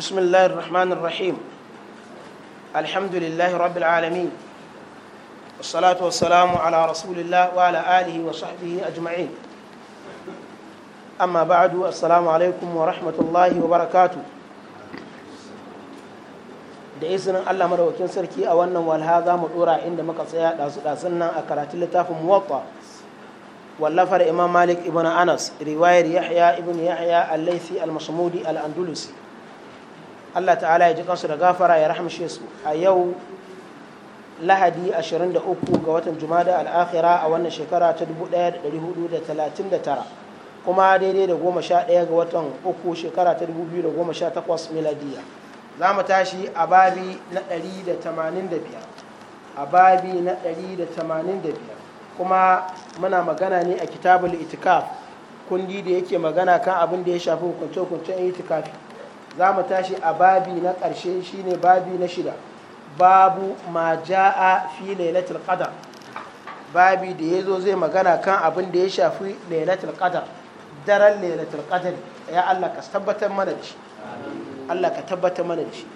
بسم الله الرحمن الرحيم الحمد لله رب العالمين والصلاة والسلام على رسول الله وعلى آله وصحبه أجمعين أما بعد السلام عليكم ورحمة الله وبركاته da izinin Allah marawakin sarki a wannan walha za mu dora inda muka tsaya ɗasu-ɗasun nan a karatun littafin muwatta wallafar imam malik ibn anas riwayar yahya ibn yahya al-laisi al-masmudi al-andalusi al laisi al masmudi al andalusi Allah ta'ala ya ji kansu da gafara ya rahamshe su a yau lahadi 23 ga watan jumada al'akhira a wannan shekara ta 1439 kuma daidai da 11 ga watan uku shekara ta 2018 miladiya za mu tashi a babi na 185 a babi na 185 kuma muna magana ne a kitabul itikaf kundi da yake magana kan abin da ya shafi hukunce-hukuncen itikafi za mu tashi a babi na ƙarshe shine babi na shida babu ma ja'a fi lailatul qadar babi da ya zo zai magana kan abin da ya shafi lailatul qadar daren lailatul qadar ya Allah ka tabbatar mana da shi Allah ka tabbatar mana da shi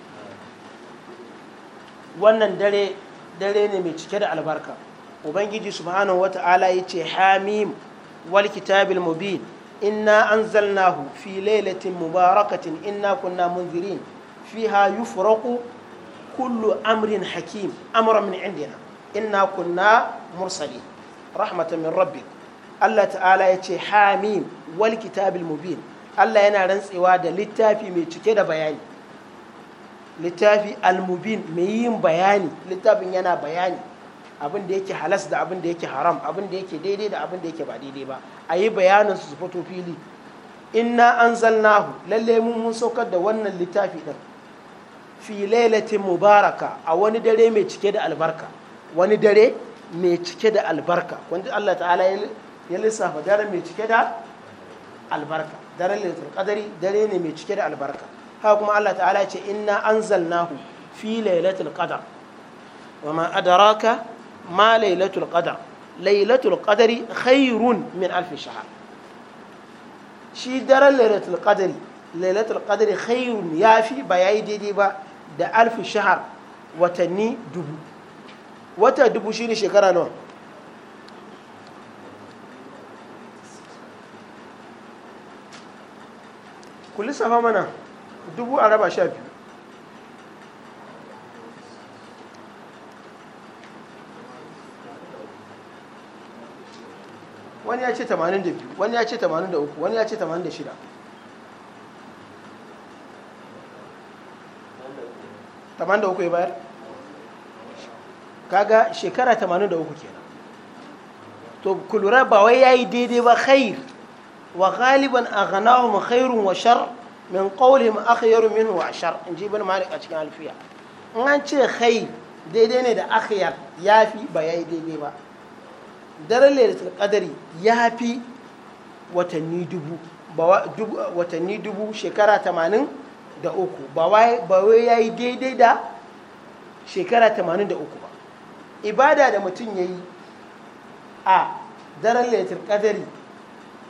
wannan dare dare ne mai cike da albarka ubangiji subhanahu wata'ala ya ce hamim wal kitabil mubin inna anzalnahu fi lailatin mubarakatin inna kunna munzirin fiha yufraqu kullu amrin hakim amra min indina inna kunna mursali rahmatan min rabbik Allah ta'ala ya ce hamim wal kitabil mubin Allah yana rantsewa da littafi mai cike da bayani littafi al-mubin mai yin bayani littafin yana bayani abin da yake halas da abin da yake haram abin da yake daidai da abin da yake ba daidai ba a yi bayanin su fito fili inna an anzalnahu lalle mun mun saukar da wannan littafi din fi lailatin mubaraka a wani dare mai cike da albarka wani dare mai cike da albarka wanda Allah ta'ala ya lissafa dare mai cike da albarka daren lailatul qadari dare ne mai cike da albarka haka kuma Allah ta'ala ya ce inna an anzalnahu fi lailatul qadar wa ma adraka ma lailatul qadar lailatul qadari khairun min alf shahr shi daren lailatul qadari lailatul qadari khairun yafi ba yi daidai ba da alf shahr watanni dubu wata dubu shine shekara nawa ku lissafa mana dubu a raba wani ya ce 82 wani ya ce 83 wani ya ce 86 83 ya bayar kaga shekara 83 kenan to kulura ba wai yayi daidai ba khair wa ghaliban aghnahum khairun wa shar min qawlihim akhyaru minhu wa shar in ji ibn malik a cikin alfiya in an ce khair daidai ne da akhyar yafi ba yayi daidai ba daren lailatul qadari ya fi watanni dubu watanni dubu shekara tamanin da uku ba wai ya yi daidai da shekara tamanin da uku ba ibada da mutum ya yi a daren lailatul qadari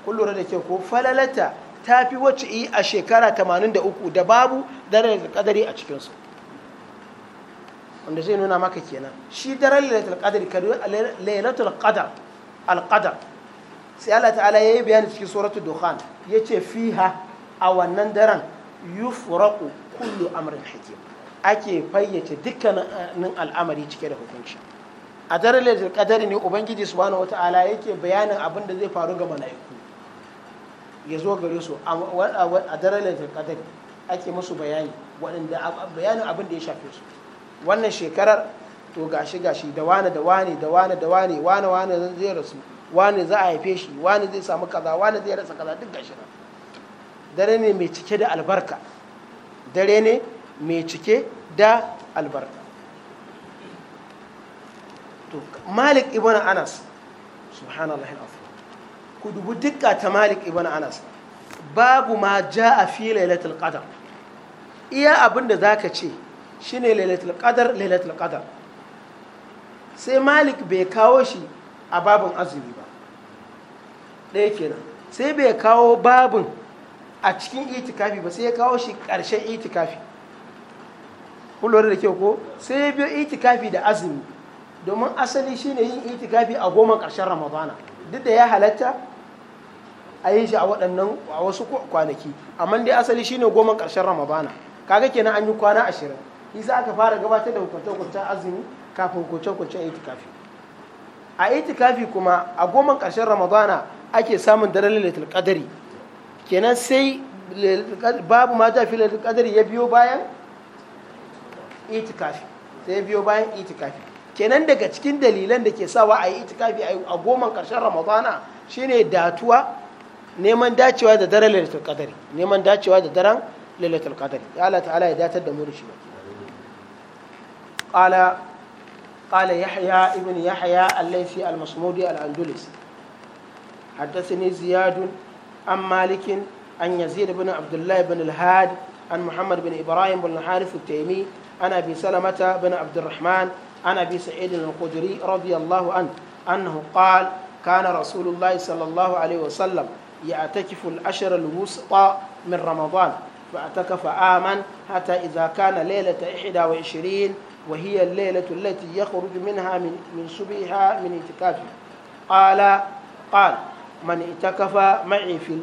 kun lura da ke ko falalata ta fi wacce yi a shekara tamanin da uku da babu daren lailatul qadari a cikinsu wanda zai nuna maka kenan shi dare lailatul qadr kari lailatul qadr al qadr sai Allah ta'ala yayi bayani cikin suratul dukhan yace fiha a wannan daren yufraqu kullu amrin hakim ake fayyace dukkanin al'amari cike da hukunci a dare lailatul qadr ne ubangiji subhanahu wata'ala yake bayanin abin da zai faru ga mala'iku ya zo gare su a dare lailatul qadr ake musu bayani waɗanda bayanin abin da ya shafe su wannan shekarar to gashi gashi da wane da wane da wane da wane wane wane zai rasu wane za a haife shi wane zai samu kaza wane zai rasa kaza duk gashi nan dare ne mai cike da albarka dare ne mai cike da albarka to malik ibn anas subhanallah ku dubu dukka ta malik ibn anas babu ma ja a fi lailatul qadar iya abin da zaka ce Shi ne lailatul qadar lailatul qadar sai malik bai kawo shi a babin azumi ba ɗaya kenan sai bai kawo babin a cikin itikafi ba sai ya kawo shi ƙarshen itikafi kullum da kyau ko sai ya biyo itikafi da azumi domin asali shine yin itikafi a goma ƙarshen ramadana duk da ya halatta a yi shi a waɗannan a wasu kwanaki amma dai asali shine goma ƙarshen ramadana kaga kenan an yi kwana ashirin isa aka fara gabatar da hukunce-hukuncen azumi kafin hukunce-hukuncen itikafi a itikafi kuma a goman ƙarshen ramadana ake samun daren lailatul qadari kenan sai babu mata fi lailatul qadari ya biyo bayan itikafi sai ya biyo bayan itikafi kenan daga cikin dalilan da ke sawa a yi itikafi a goman ƙarshen ramadana shine datuwa neman dacewa da daren lailatul qadari neman dacewa da daren lailatul qadari ya Allah ta'ala ya datar da mu da shi baki قال قال يحيى ابن يحيى الليثي المصمودي الأندلسي حدثني زياد عن مالك عن يزيد بن عبد الله بن الهاد عن محمد بن إبراهيم بن الحارث التيمي عن أبي سلمة بن عبد الرحمن عن أبي سعيد الخدري رضي الله عنه أنه قال كان رسول الله صلى الله عليه وسلم يعتكف الأشر الوسطى من رمضان فاعتكف عاما حتى إذا كان ليلة 21 وهي الليلة التي يخرج منها من من صبحها من اعتكافها قال قال من اعتكف معي في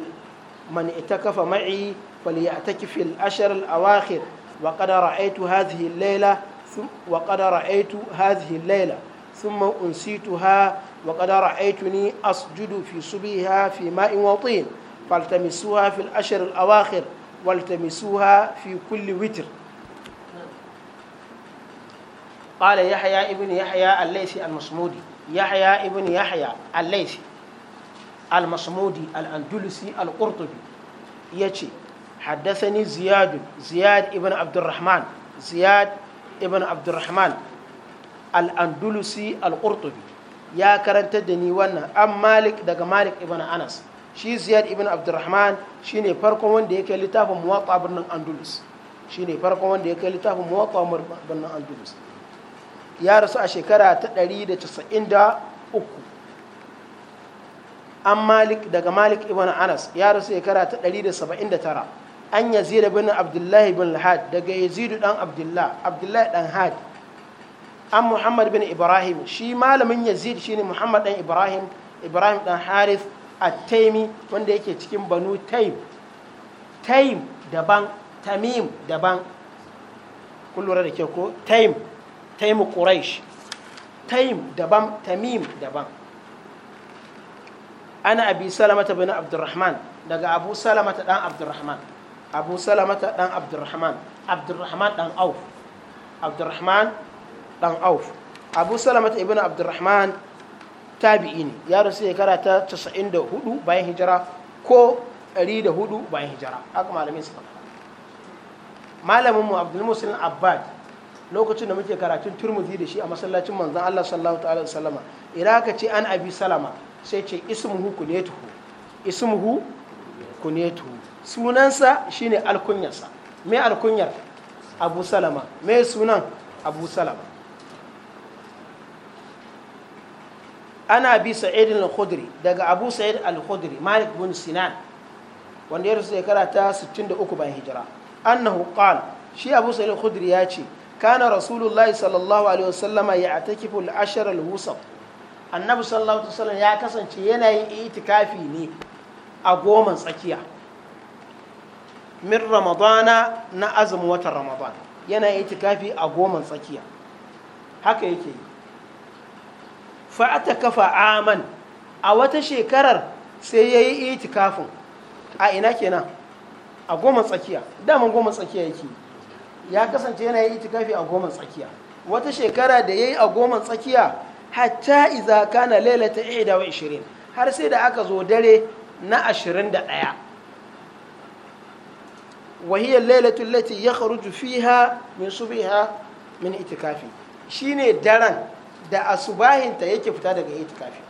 من اعتكف معي فليعتكف في الأشهر الأواخر وقد رأيت هذه الليلة ثم وقد رأيت هذه الليلة ثم أنسيتها وقد رأيتني أسجد في صبيها في ماء وطين فالتمسوها في الأشهر الأواخر والتمسوها في كل وتر قال يحيى ابن يحيى الليثي المصمودي يحيى ابن يحيى الليثي المصمودي الأندلسي القرطبي يتي حدثني زياد زياد ابن عبد الرحمن زياد ابن عبد الرحمن الأندلسي القرطبي يا كرنت دني وانا أم مالك دق مالك ابن أنس shi ziyad ibn abdurrahman ne farkon wanda ya kai littafin muwatta birnin andalus shine farkon wanda ya kai littafin muwatta birnin andalus ya rasu a shekara ta 193 an malik daga malik ibn anas ya rasu shekara ta 179 an yazid bin abdullahi bin had daga yazid dan abdullah abdullahi dan had an muhammad bin ibrahim shi malamin yazid shine muhammad dan ibrahim ibrahim dan harith at-taimi wanda yake cikin banu taim taim daban tamim daban kullura da ke ko taim taim quraish taim daban tamim daban ana abi salamata bin abdurrahman daga abu salamata dan abdurrahman abu salamata dan abdurrahman abdurrahman dan auf abdurrahman dan auf abu salamata ibn abdurrahman tabi'i ne ya rasu shekara ta 94 bayan hijira ko 104 bayan hijira haka malamin suka faɗa malamin mu abdul muslim abbad lokacin da muke karatun turmuzi da shi a masallacin manzon Allah sallallahu ta'ala sallama idan ka ce an abi salama sai ce ismuhu kunetuhu ismuhu tuhu sunansa shine alkunyarsa me alkunyar abu salama me sunan abu salama ana bi sa'id al-khudri daga abu sa'id al-khudri malik bin sinan wanda ya rasu shekara ta 63 bayan hijira annahu qala shi abu sa'id al-khudri ya ce kana rasulullah sallallahu alaihi wasallam ya atakifu al-ashr al-wusat annabi sallallahu alaihi wasallam ya kasance yana yin itikafi ne a goman tsakiya min ramadana na azumin watan ramadana yana itikafi a goman tsakiya haka yake yi fa'ata kafa aman a wata shekarar sai ya yi itikafin a ina kenan a goma tsakiya daman goma tsakiya yake ya kasance yana yi itikafi a goma tsakiya wata shekara da ya yi a goma tsakiya hatta iza kana lailata ishirin har sai da aka zo dare na 21 وهي الليلة التي يخرج فيها من صبحها من اعتكافه شيني daren. da asubahinta yake fita daga yi tukafi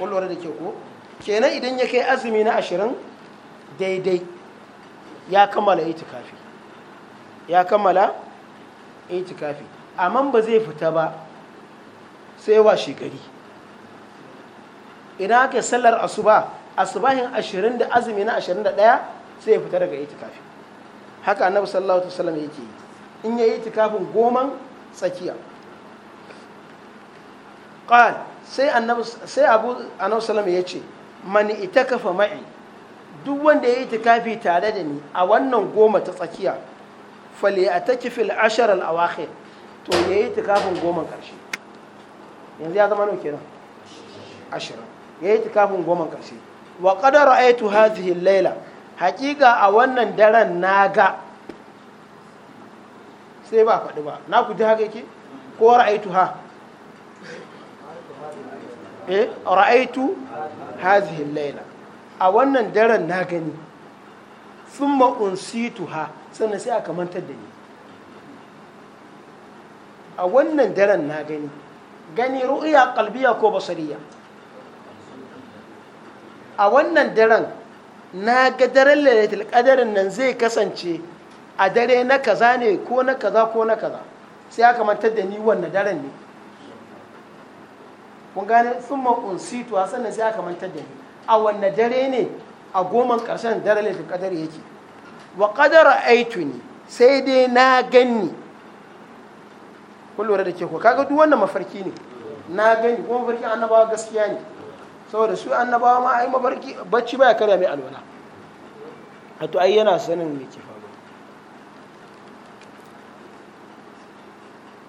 lura da ke ko kenan idan ya kai azumi na ashirin daidai ya kammala tukafi ya kammala tukafi amma ba zai fita ba sai washe gari idan aka sallar asuba asubahin ashirin da azumi na ashirin da daya sai ya fita daga tukafi haka annabu sallallahu alaihi wasallam yake yi in ya yi tukafin goman tsakiya qal sai annabi sai abu annabi sallama yace man itakafa ma'i duk wanda ya yi itikafi tare da ni a wannan goma ta tsakiya fali a ta kifil asharar awakhir to ya yi itikafin goma ƙarshe yanzu ya zama nau kenan ashirin ya yi itikafin goma ƙarshe wa qadara aitu hadhihi laila haƙiƙa a wannan daren na ga sai ba faɗi ba na ku ji haka yake ko ra'aitu ha eh ra'aitu hadhihi laila a wannan daren na gani thumma unsituha sannan sai aka mantar da ni a wannan daren na gani gani ru'ya kalbiya ko basariya a wannan daren na ga daren lailatul qadarin nan zai kasance a dare na kaza ne ko na kaza ko na kaza sai aka mantar da ni wannan daren ne mun gane ma unsitu sannan sai aka mantar da ni a wanne dare ne a goma ƙarshen dare ne da kadar yake wa aitu ne sai dai na ganni kun da ke ko kaga duk wannan mafarki ne na gani kuma mafarki annabawa gaskiya ne saboda su annabawa ma ai mafarki bacci baya karya mai alwala a to ai yana sanin me ke faru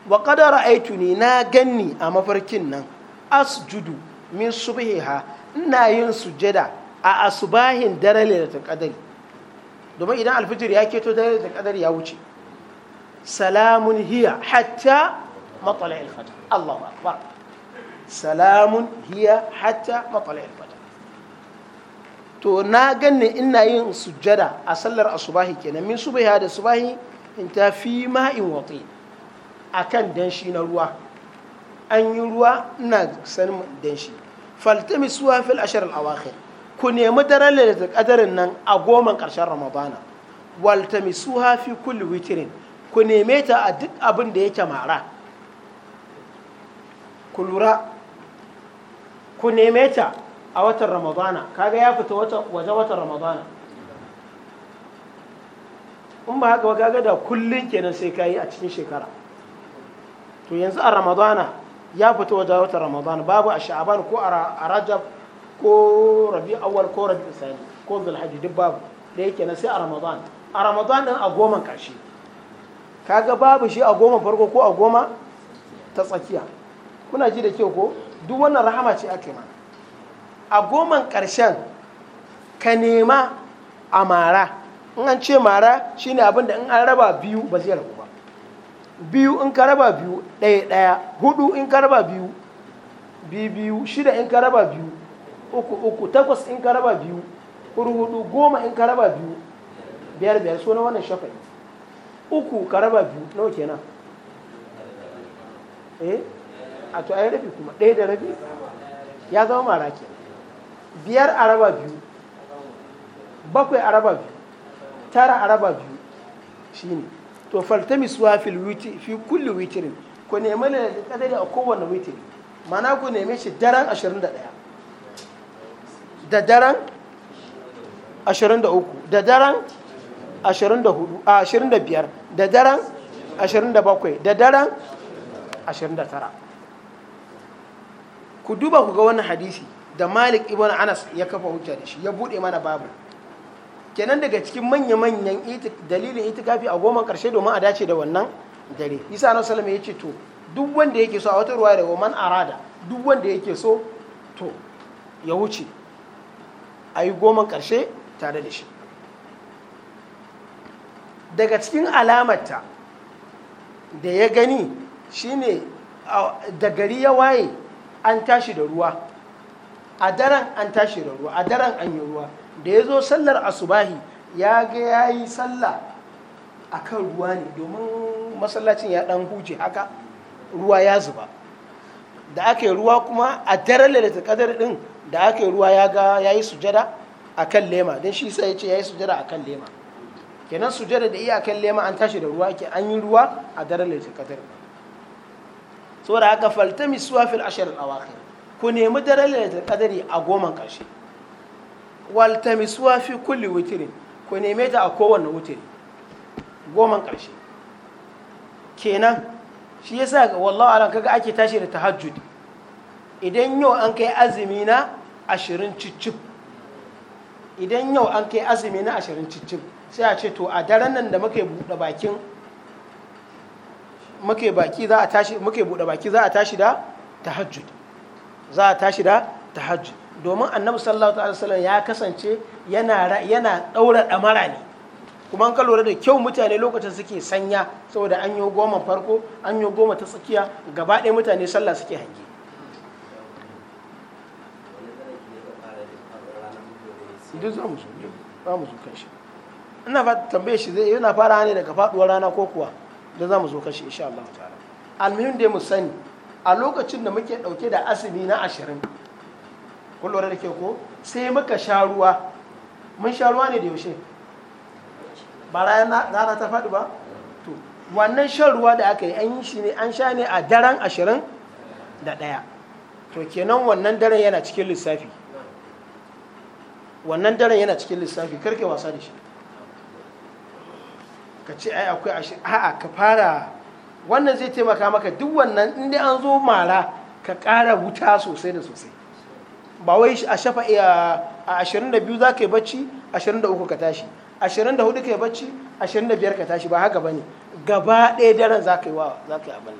wa aitu ne na ganni a mafarkin nan asjudu min subhiha ina yin sujada a asubahin daren lailatul qadari domin idan alfijir ya keto daren lailatul qadari ya wuce salamun hiya hatta matsala al-fajr Allahu akbar salamun hiya hatta matsala al-fajr to na ganne ina yin sujada a sallar asubahi kenan min subhiha da subahi in ta fi ma'in wati akan danshi na ruwa an yi ruwa ina sanin shi faltami suwa fil ashar al-awakhir ku nemi daren da kadarin nan a goman karshen ramadana waltami suha fi kulli witrin ku neme ta a duk abin da yake mara ku lura ku neme ta a watan ramadana kaga ya fita waje watan ramadana in ba haka kaga da kullun kenan sai kayi a cikin shekara to yanzu a ramadana ya fito wajen watan ramadan babu a sha'aban ko a rajab ko rabi awal ko rabi isani ko zulhaji duk babu da yake na sai a ramadan a ramadan din a goma kashi kaga babu shi a goma farko ko a goma ta tsakiya kuna ji da kyau ko duk wannan rahama ce ake mana a goman karshen ka nema a mara in an ce mara shine abin da in an raba biyu ba zai rabu biyu in ka raba biyu ɗaya ɗaya hudu in ka raba biyu biyu biyu shida in ka raba biyu uku uku takwas in ka raba biyu hudu hudu goma in ka raba biyu biyar biyar so na wannan shafa'i uku ka raba biyu nawa kenan eh a to ayi rabi kuma ɗaya da rabi ya zama mara ke biyar a raba biyu bakwai a raba biyu tara a raba biyu shine to faltamisuwa fil fi kulli witirin ku nemi ne da kadari a kowane witri mana ku neme shi daren 21 da daren 23 da daren 25 da daren 27 da daren 29 ku duba ku ga wani hadisi da malik ibn anas ya kafa hujja da shi ya bude mana babu kenan daga cikin manya-manyan dalilin itikafi a goma karshe domin a dace da wannan dare isa na salama ya ce to duk wanda yake so a wata ruwa daga man arada duk wanda yake so to ya wuce a yi goma karshe tare da shi daga cikin alamata da ya gani shine da gari ya waye an tashi da ruwa a daren an tashi da ruwa a daren an yi ruwa da ya zo sallar asubahi ya ga ya yi sallah a kan ruwa ne domin masallacin ya ɗan huce haka ruwa ya zuba da aka ruwa kuma a daren lalata kadar ɗin da aka yi ruwa ya ga ya yi sujada a kan lema don shi sai ya ce ya yi sujada a kan lema kenan sujada da iya kan lema an tashi da ruwa ke an yi ruwa a daren lalata kadar saboda haka faltami suwafil ashirin awakai ku nemi daren lalata kadari a goma karshe. waltamisuwa fi kulli wutirin ku neme ta a kowane wutiri goman ƙarshe kenan shi sa ga wallawa alam kaga ake tashi da tahajjudi idan yau an kai azumi na ashirin ciccin idan yau an kai azumi na ashirin ciccin sai a ce to a daren nan da muke buɗe bakin muke baki za a tashi muke buɗe baki za a tashi da tahajjud za a tashi da tahajjud domin annabi sallallahu alaihi wasallam ya kasance yana yana daura damara ne kuma an ka lura da kyau mutane lokacin suke sanya saboda an yi goma farko an yi goma ta tsakiya gaba ɗaya mutane sallah suke hange idan za mu ba mu zo kashi ina fata tambaye shi zai yana fara ne daga faduwar rana ko kuwa da za mu zo kashi insha Allah ta'ala almuhim dai mu sani a lokacin da muke dauke da asibi na ashirin kun lura da ke ko sai muka sha ruwa mun sha ruwa ne da yaushe ba rana ta faɗi ba to wannan shan ruwa da aka yi an yi shi ne an sha ne a daren ashirin da ɗaya to kenan wannan daren yana cikin lissafi wannan daren yana cikin lissafi karke wasa da shi ka ce ai akwai a'a ka fara wannan zai taimaka maka duk wannan inda an zo mara ka ƙara wuta sosai da sosai ba wai a shafa eh, a 22 za ka yi bacci 23 ka tashi 24 ka yi bacci 25 ka tashi ba haka ba ne gaba ɗaya daren za ka yi abin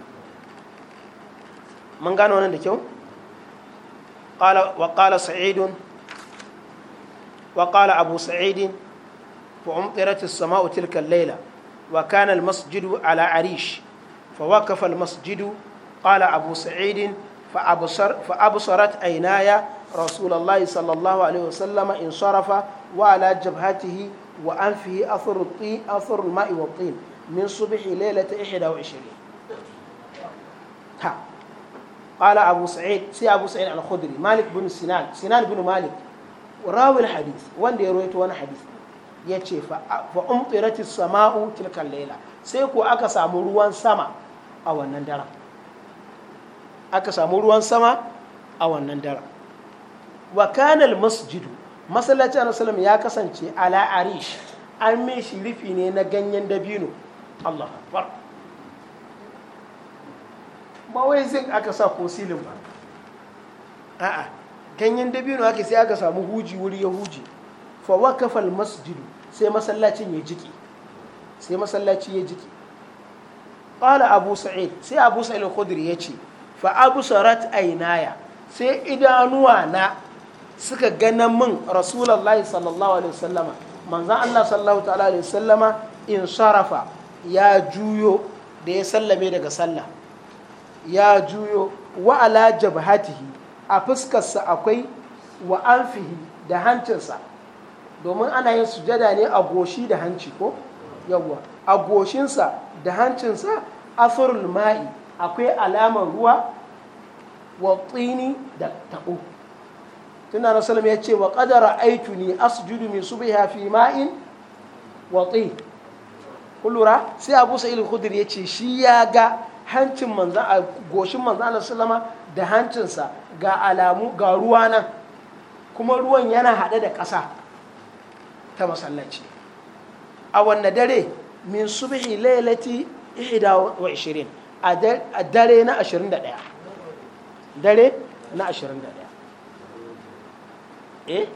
mun gano wannan da kyau wa ƙala sa'idun wa ƙala abu sa'idin fa umtiratis sama'u tilka laila wa kana almasjidu ala arish fa waqafa almasjidu qala abu sa'idin fa absarat aynaya رسول الله صلى الله عليه وسلم انصرف وعلى جبهته وأنفه أثر الطين أثر الماء والطين من صبح ليلة 21 ها قال أبو سعيد سي أبو سعيد على خدري مالك بن سنان سنان بن مالك وراوي الحديث وان دي رويت وان حديث يتشي فأمطرت السماء تلك الليلة سيكو أكا سامو سما أو النندرة أكا سامو سما أو النندرة wa kanal masjidu masallaci annabi ya kasance ala arish an mai shi rufi ne na ganyen dabino Allah akbar ba wai zai aka sa ko silin ba a'a ganyen dabino ake sai aka samu huji wuri ya huji fa waqafa al masjidu sai masallacin ya jiki sai masallaci ya jiki qala abu sa'id sai abu sa'id al-khudri yace fa abu sarat aynaya sai idanuwa na suka gana min rasulallah sallallahu alaihi wasallama manzan Allah sallallahu ta'ala alaihi wasallama in sharafa ya juyo da ya sallame daga sallah ya juyo wa ala jabhatihi a fuskarsa akwai wa anfihi da hancinsa domin ana yin sujada ne a goshi da hanci ko yawwa a goshinsa da hancinsa asrul ma'i akwai alamar ruwa wa tsini da taɓo tunda na salam ya ce wa qadara aituni asjudu min subha fi ma'in wa tin kullura sai Abu Sa'id ilin khudri ya ce shi ya ga hancin manza a goshin manza na salama da hancinsa ga alamu ga ruwa nan kuma ruwan yana haɗe da ƙasa ta masallaci a wanne dare min subhi lailati ashirin a dare na 21 dare na eh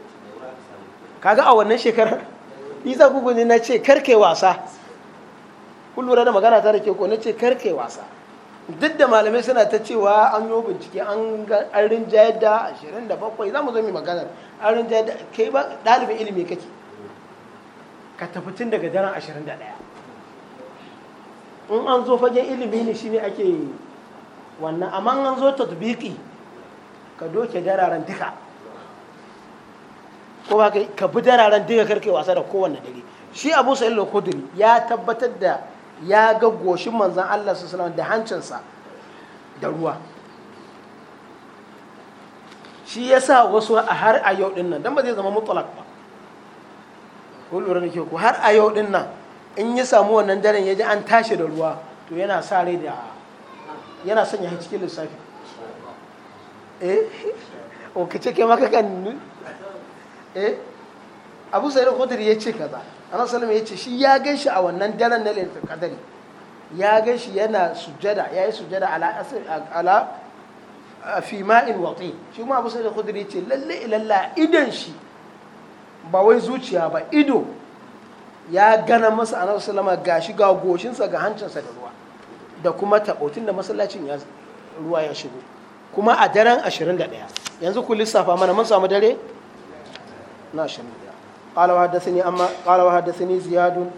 kaga a wannan shekarar isa kuku ne na ce karke wasa kun lura da magana ta da ko na ce karke wasa duk da malamai suna ta cewa an yi bincike an rinjayar da 27 za mu zo mai maganar an rinjayar da kai ba ɗalibin ilimi kake ka tafi tun daga daren 21 in an zo fagen ilimi ne shi ne ake wannan amma an zo tatbiki ka doke dararen duka ko ba kai ka bi dararen duka karke wasa da kowanne dare shi abu sa'il al-khudri ya tabbatar da ya ga goshin manzon Allah sallallahu da hancinsa da ruwa shi yasa wasu a har a yau din nan dan ba zai zama mutlaq ba ko lura da ku har a yau din nan in ya samu wannan daren ya ji an tashi da ruwa to yana sa rai da yana sanya cikin lissafi eh o kace kai maka kan eh abu Sayyid khudri ya ce kaza ana sallama ya ce shi ya gan shi a wannan daren na lailatul qadari ya gan shi yana sujada yayi sujada ala ala fi ma'in waqi shi kuma abu Sayyid khudri ya ce lalle ilalla idan shi ba wai zuciya ba ido ya gana masa ana sallama gashi ga goshinsa ga hancinsa da ruwa da kuma tabotin da masallacin ya ruwa ya shigo kuma a daren 21 yanzu ku lissafa mana mun samu dare ناشرية قال وحدثني أما قال وحدثني زياد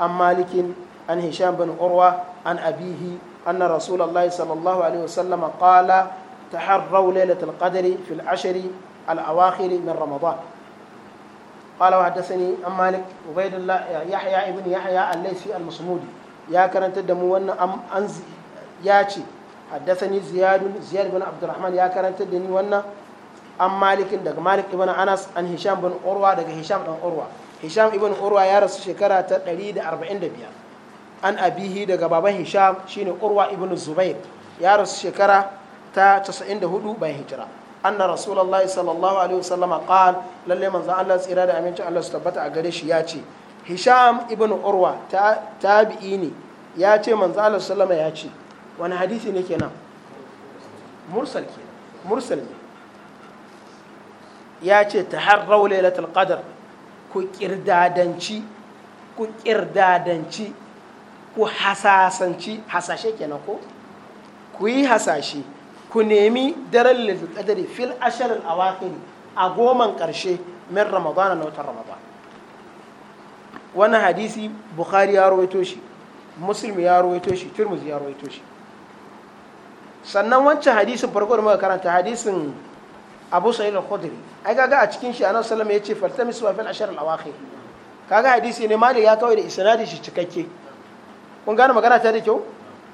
عن مالك عن هشام بن عروة عن أبيه أن رسول الله صلى الله عليه وسلم قال تحروا ليلة القدر في العشر الأواخر من رمضان قال وحدثني عن مالك عبيد الله يحيى ابن يحيى الليثي المصمودي يا كرنت دمو أم أنزي ياتي حدثني زياد زياد بن عبد الرحمن يا كرنت دني وانا an malikin daga malik ibn anas an hisham bin urwa daga hisham dan urwa hisham ibn urwa ya rasu shekara ta 145 an abihi daga baban hisham shine urwa ibn zubair ya rasu shekara ta 94 bayan hijira anna rasulullahi sallallahu alaihi wasallam qal lalle manzon Allah tsira da amincin Allah su tabbata a gare shi ya ce hisham ibn urwa tabi'i ne ya ce manzon Allah sallama ya ce wani hadisi ne kenan mursal kenan mursal ne ya ce ta harrau lailatul qadr ku kirdadanci ku kirdadanci ku hasasanci hasashe kenan ko ku yi hasashe ku nemi daren lailatul qadr fil ashr al awakhir a goman karshe min ramadana na watan ramadan wannan hadisi bukhari ya rawaito shi muslim ya rawaito shi tirmidhi ya rawaito shi sannan wancan hadisin farko da muka karanta hadisin abu sa'id al-khudri ai kaga a cikin shi annabi sallallahu alaihi wasallam yace faltamisu fil ashar al-awakhir kaga hadisi ne malik ya kawai da isnadin shi cikakke kun gane magana ta da kyau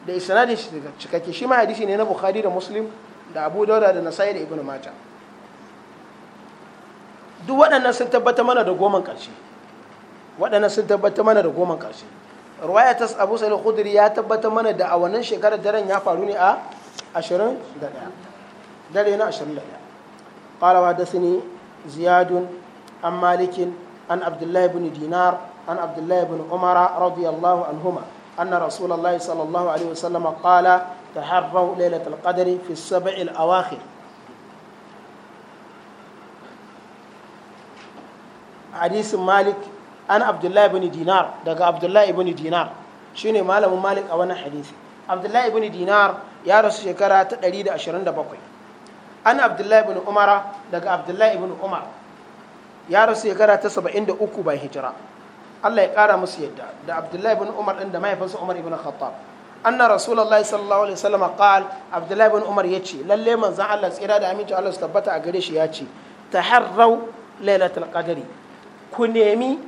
da isnadin shi cikakke shi ma hadisi ne na bukhari da muslim da abu dauda da nasai da ibnu mata duk waɗannan sun tabbata mana da goman ƙarshe waɗannan sun tabbata mana da goman ƙarshe ruwaya ta abu sa'id khudri ya tabbata mana da a wannan shekarar daren ya faru ne a 21 dare na 21 قال وحدثني زياد عن مالك عن عبد الله بن دينار عن عبد الله بن عمر رضي الله عنهما أن رسول الله صلى الله عليه وسلم قال تحروا ليلة القدر في السبع الأواخر حديث مالك أنا عبد الله بن دينار دقى عبد الله بن دينار شنو مالك مالك أو أنا حديث عبد الله بن دينار يا رسول شكرا تدريد أشرين دبقين ana abdullahi ibn umara daga abdullahi ibn umar ya rasu shekara ta 73 bai hijira Allah ya kara musu yadda da abdullahi ibn umar din da mahaifinsa umar ibn khattab anna rasulullahi sallallahu alaihi wasallam qal abdullahi ibn umar yace lalle manzon Allah tsira da aminci Allah su tabbata a gare shi yace taharrau lailatul qadri ku nemi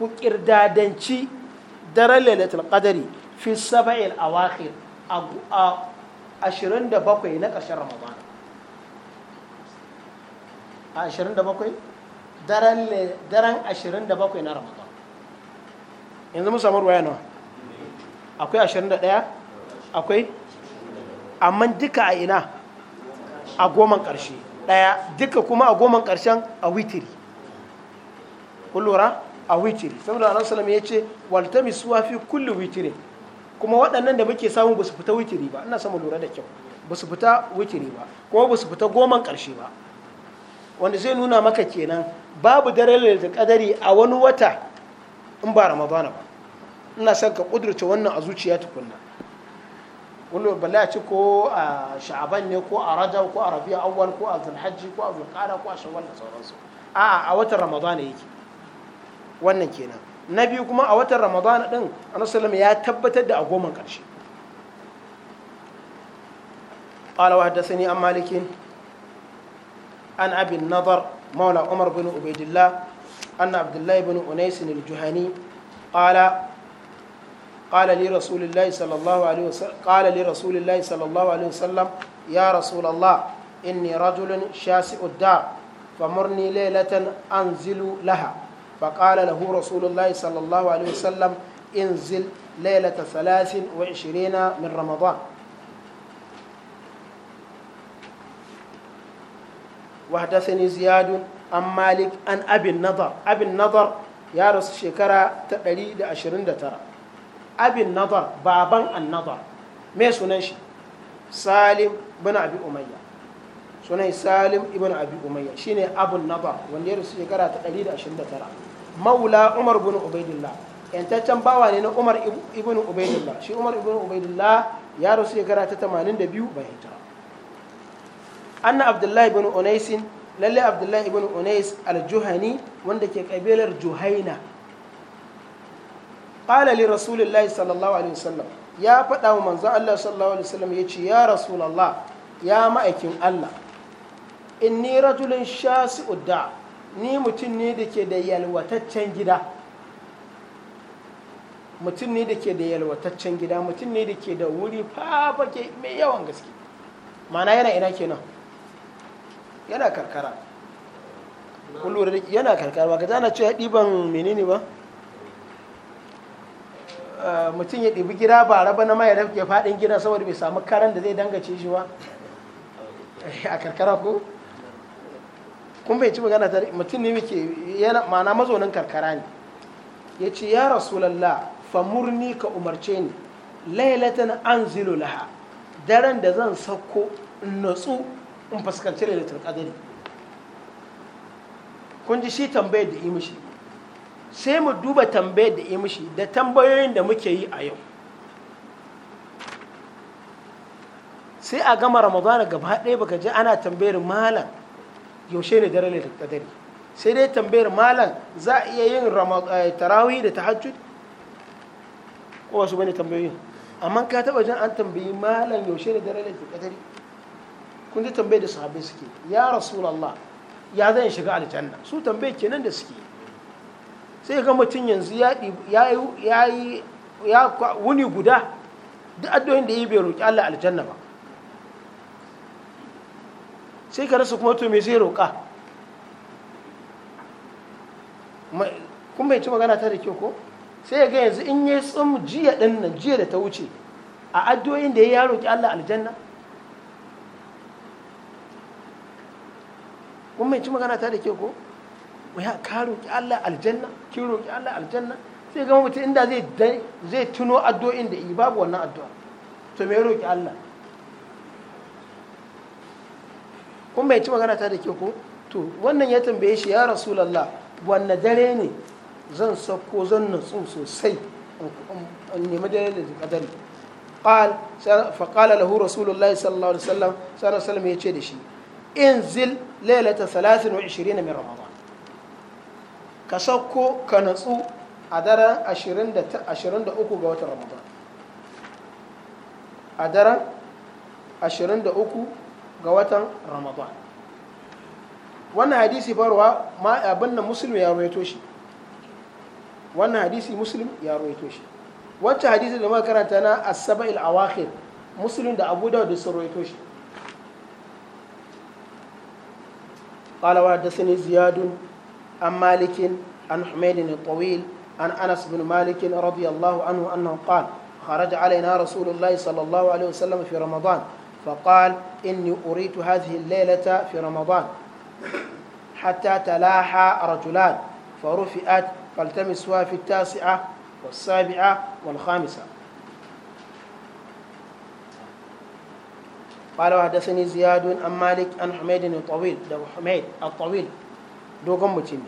ku kirdadanci daren lailatul qadri fi sab'il awakhir a 27 na ƙarshen ramadana a 27 daren 27 na ramadan yanzu mun samu ruwaya nawa akwai 21 akwai amma duka a ina a goman karshe ɗaya duka kuma a goman karshen a witiri kullura a witiri saboda annabi sallallahu ya ce waltami suwa fi kulli witiri kuma waɗannan da muke samu ba su fita witiri ba ina samu lura da kyau ba su fita witiri ba kuma ba su fita goman karshe ba wanda zai nuna maka kenan babu daren da kadari a wani wata in ba ramadana ba ina son ka kudurta wannan a zuciya tukunna wani bala ci ko a sha'aban ne ko a rajab ko a rabi'a awwal ko a zulhajji ko a zulqa'ada ko a shawwal da sauransu a'a a watan ramadana yake wannan kenan na biyu kuma a watan ramadana din annabi ya tabbatar da a goma karshe قال وحدثني عن مالك عن أبي النظر مولى عمر بن عبيد الله أن عبد الله بن أنيس الجهني قال قال لي رسول الله صلى الله عليه وسلم قال لي رسول الله صلى الله عليه وسلم يا رسول الله إني رجل شاسع الدار فمرني ليلة أنزل لها فقال له رسول الله صلى الله عليه وسلم انزل ليلة ثلاث وعشرين من رمضان وحدثني زياد عن مالك عن أبي النضر أبي النضر يا رسول شكرا تقريد أشرين ترى أبي النضر بابا النضر ما سننشي سالم بن أبي أمية سنن سالم بن أبي أمية شيني أبو النضر وان يرسل شكرا تقريد أشرين ترى مولى عمر بن عبيد الله yantaccen bawa ne na umar ibn ubaidullah shi umar ibn ubaidullah ya rasu shekara ta 82 bayan hijira anna abdullahi ibn unaisin lalle abdullahi ibn unais al-juhani wanda ke kabilar juhaina qala li rasulillahi sallallahu alaihi wasallam ya faɗa wa manzon Allah sallallahu alaihi wasallam yace ya Rasulallah ya ma'aikin Allah inni rajulun shasi'ud da ni mutum ne da ke da yalwataccen gida mutum ne da ke da yalwataccen gida mutum ne da ke da wuri fafake mai yawan gaske Mana yana ina kenan yana karkara kullum da yana karkara ba ka tana cewa ɗiban menene ba eh, mutum ya ɗibi gida ba raba na mai rafke faɗin gida saboda bai samu karan da zai dangace shi ba eh, a karkara ko kun bai ci magana ta mutum ne muke yana ma'ana mazaunin karkara ne ya ce ya rasulallah famurni ka umarce ni lailatan an laha daren da zan sauko natsu in fuskanci lailatul qadari kun ji shi tambayar da yi mishi sai mu duba tambayar da yi mishi da tambayoyin da muke yi a yau sai a gama ramadana gaba ɗaya baka ji ana tambayar malam yaushe ne dare lailatul qadari sai dai tambayar malam za a iya yin eh, tarawih da tahajjud ko wasu bane tambayoyin amma ka taba jin an tambayi malam yaushe ne dare lailatul qadari kun ji tambayar da sahabbai suke ya rasulullah ya zan shiga aljanna su tambayar kenan da suke sai ga mutum yanzu ya yi ya wuni guda duk addu'o'in da yi bai roƙi Allah aljanna ba sai ka rasa kuma to me zai roƙa kun bai ci magana ta da kyau ko sai ga yanzu in yi tsum jiya ɗin nan jiya da ta wuce a addu'o'in da ya roƙi Allah aljanna kun mai ci magana ta da ke ko ya ka roƙi Allah aljanna kin roƙi Allah aljanna sai ga mutum inda zai zai tuno addu'o'in da yi babu wannan addu'a to me roƙi Allah kun mai ci magana ta da ke ko to wannan ya tambaye shi ya rasulullah wanne dare ne zan sauko zan natsu sosai in nemi dare da kadari قال فقال له رسول الله صلى الله عليه وسلم صلى الله عليه وسلم يجي دشي انزل lailata salasin wa ishirin min ramadan ka sauko ka natsu a daren ashirin ashirin da da uku ga watan ramadan a daren ashirin da uku ga watan ramadan wannan hadisi barwa ma abin nan muslim ya rawaito shi wannan hadisi muslim ya rawaito shi wacce hadisi da muka karanta na as-saba'il awakhir muslim da abu da wadda sun rawaito shi قال وحدثني زياد عن مالك عن حميد الطويل عن أنس بن مالك رضي الله عنه أنه قال خرج علينا رسول الله صلى الله عليه وسلم في رمضان فقال إني أريت هذه الليلة في رمضان حتى تلاحى رجلان فرفئت فالتمسها في التاسعة والسابعة والخامسة قال وحدثني زياد عن مالك عن حميد الطويل ده حميد الطويل دوغم متين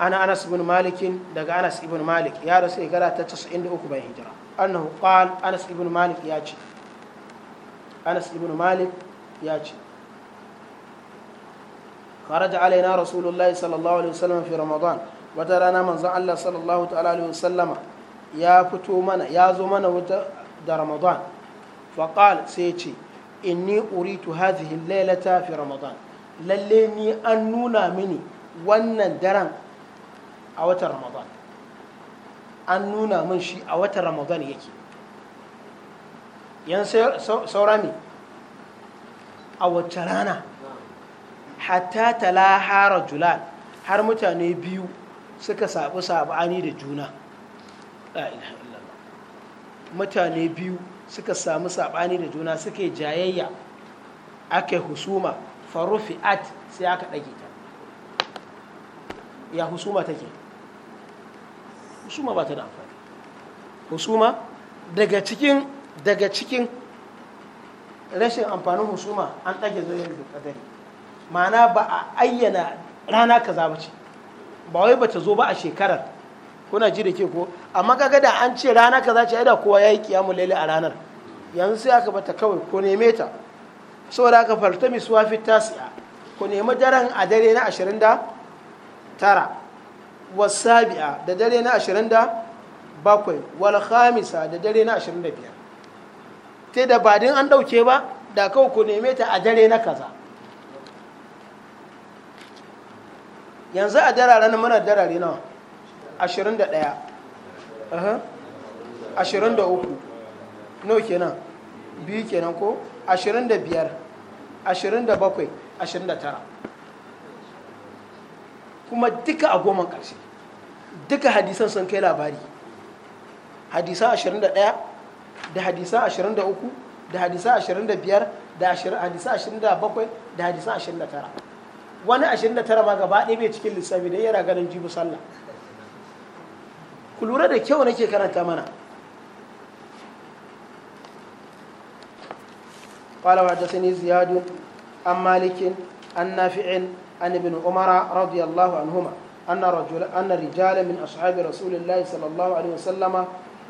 أنا أنس بن مالك ده أنس بن مالك يا رسول الله تتسعين أكو هجرة أنه قال أنس بن مالك ياتي أنس بن مالك ياتي خرج علينا رسول الله صلى الله عليه وسلم في رمضان وترانا من زعل الله صلى الله عليه وسلم يا فتو منا يا زمنا ده رمضان faƙal sai ce inni uritu hadhihi lailata fi ramadan lallai ni an nuna mini wannan daren a watan ramadan an nuna min shi a watan ramadan yake yan saura a wacce rana hatta talahara julal har mutane biyu suka sabu sabani da juna mutane biyu suka samu saɓani da juna suke jayayya ake husuma husuma farufi'at sai aka ɗage ta ya husuma take husuma ba ta da amfani husuma daga cikin daga cikin rashin amfanin husuma an ɗage zoyin ƙadari. ma'ana ba a ayyana rana kaza ba ce ba wai ba ta zo ba a shekarar kuna ji da ke ko amma kaga da an ce rana kaza ce da kowa yayi kiyamul layli a ranar yanzu sai aka bata kawai ko neme ta saboda aka farta mi suwa tasiya ko nemi daren a dare na 29 wasabi'a da dare na 27 wal khamisa da dare na 25 sai da ba din an dauke ba da kawai ko neme ta a dare na kaza yanzu a dararen muna darare nawa 21 23 no kenan biyu kenan ko 25 27 29 kuma duka a goma ƙarshe duka hadisan sun kai labari hadisan 21 da hadisan 23 da hadisan 25 da hadisan 27 da hadisan 29 wani 29 ma gaba ɗaya mai cikin lissafi da yara ganin jibu sallah ku lura da kyau nake karanta mana قال وحدثني زياد عن مالك عن نافع عن ابن عمر رضي الله عنهما أن رجل أن رجالا من أصحاب رسول الله صلى الله عليه وسلم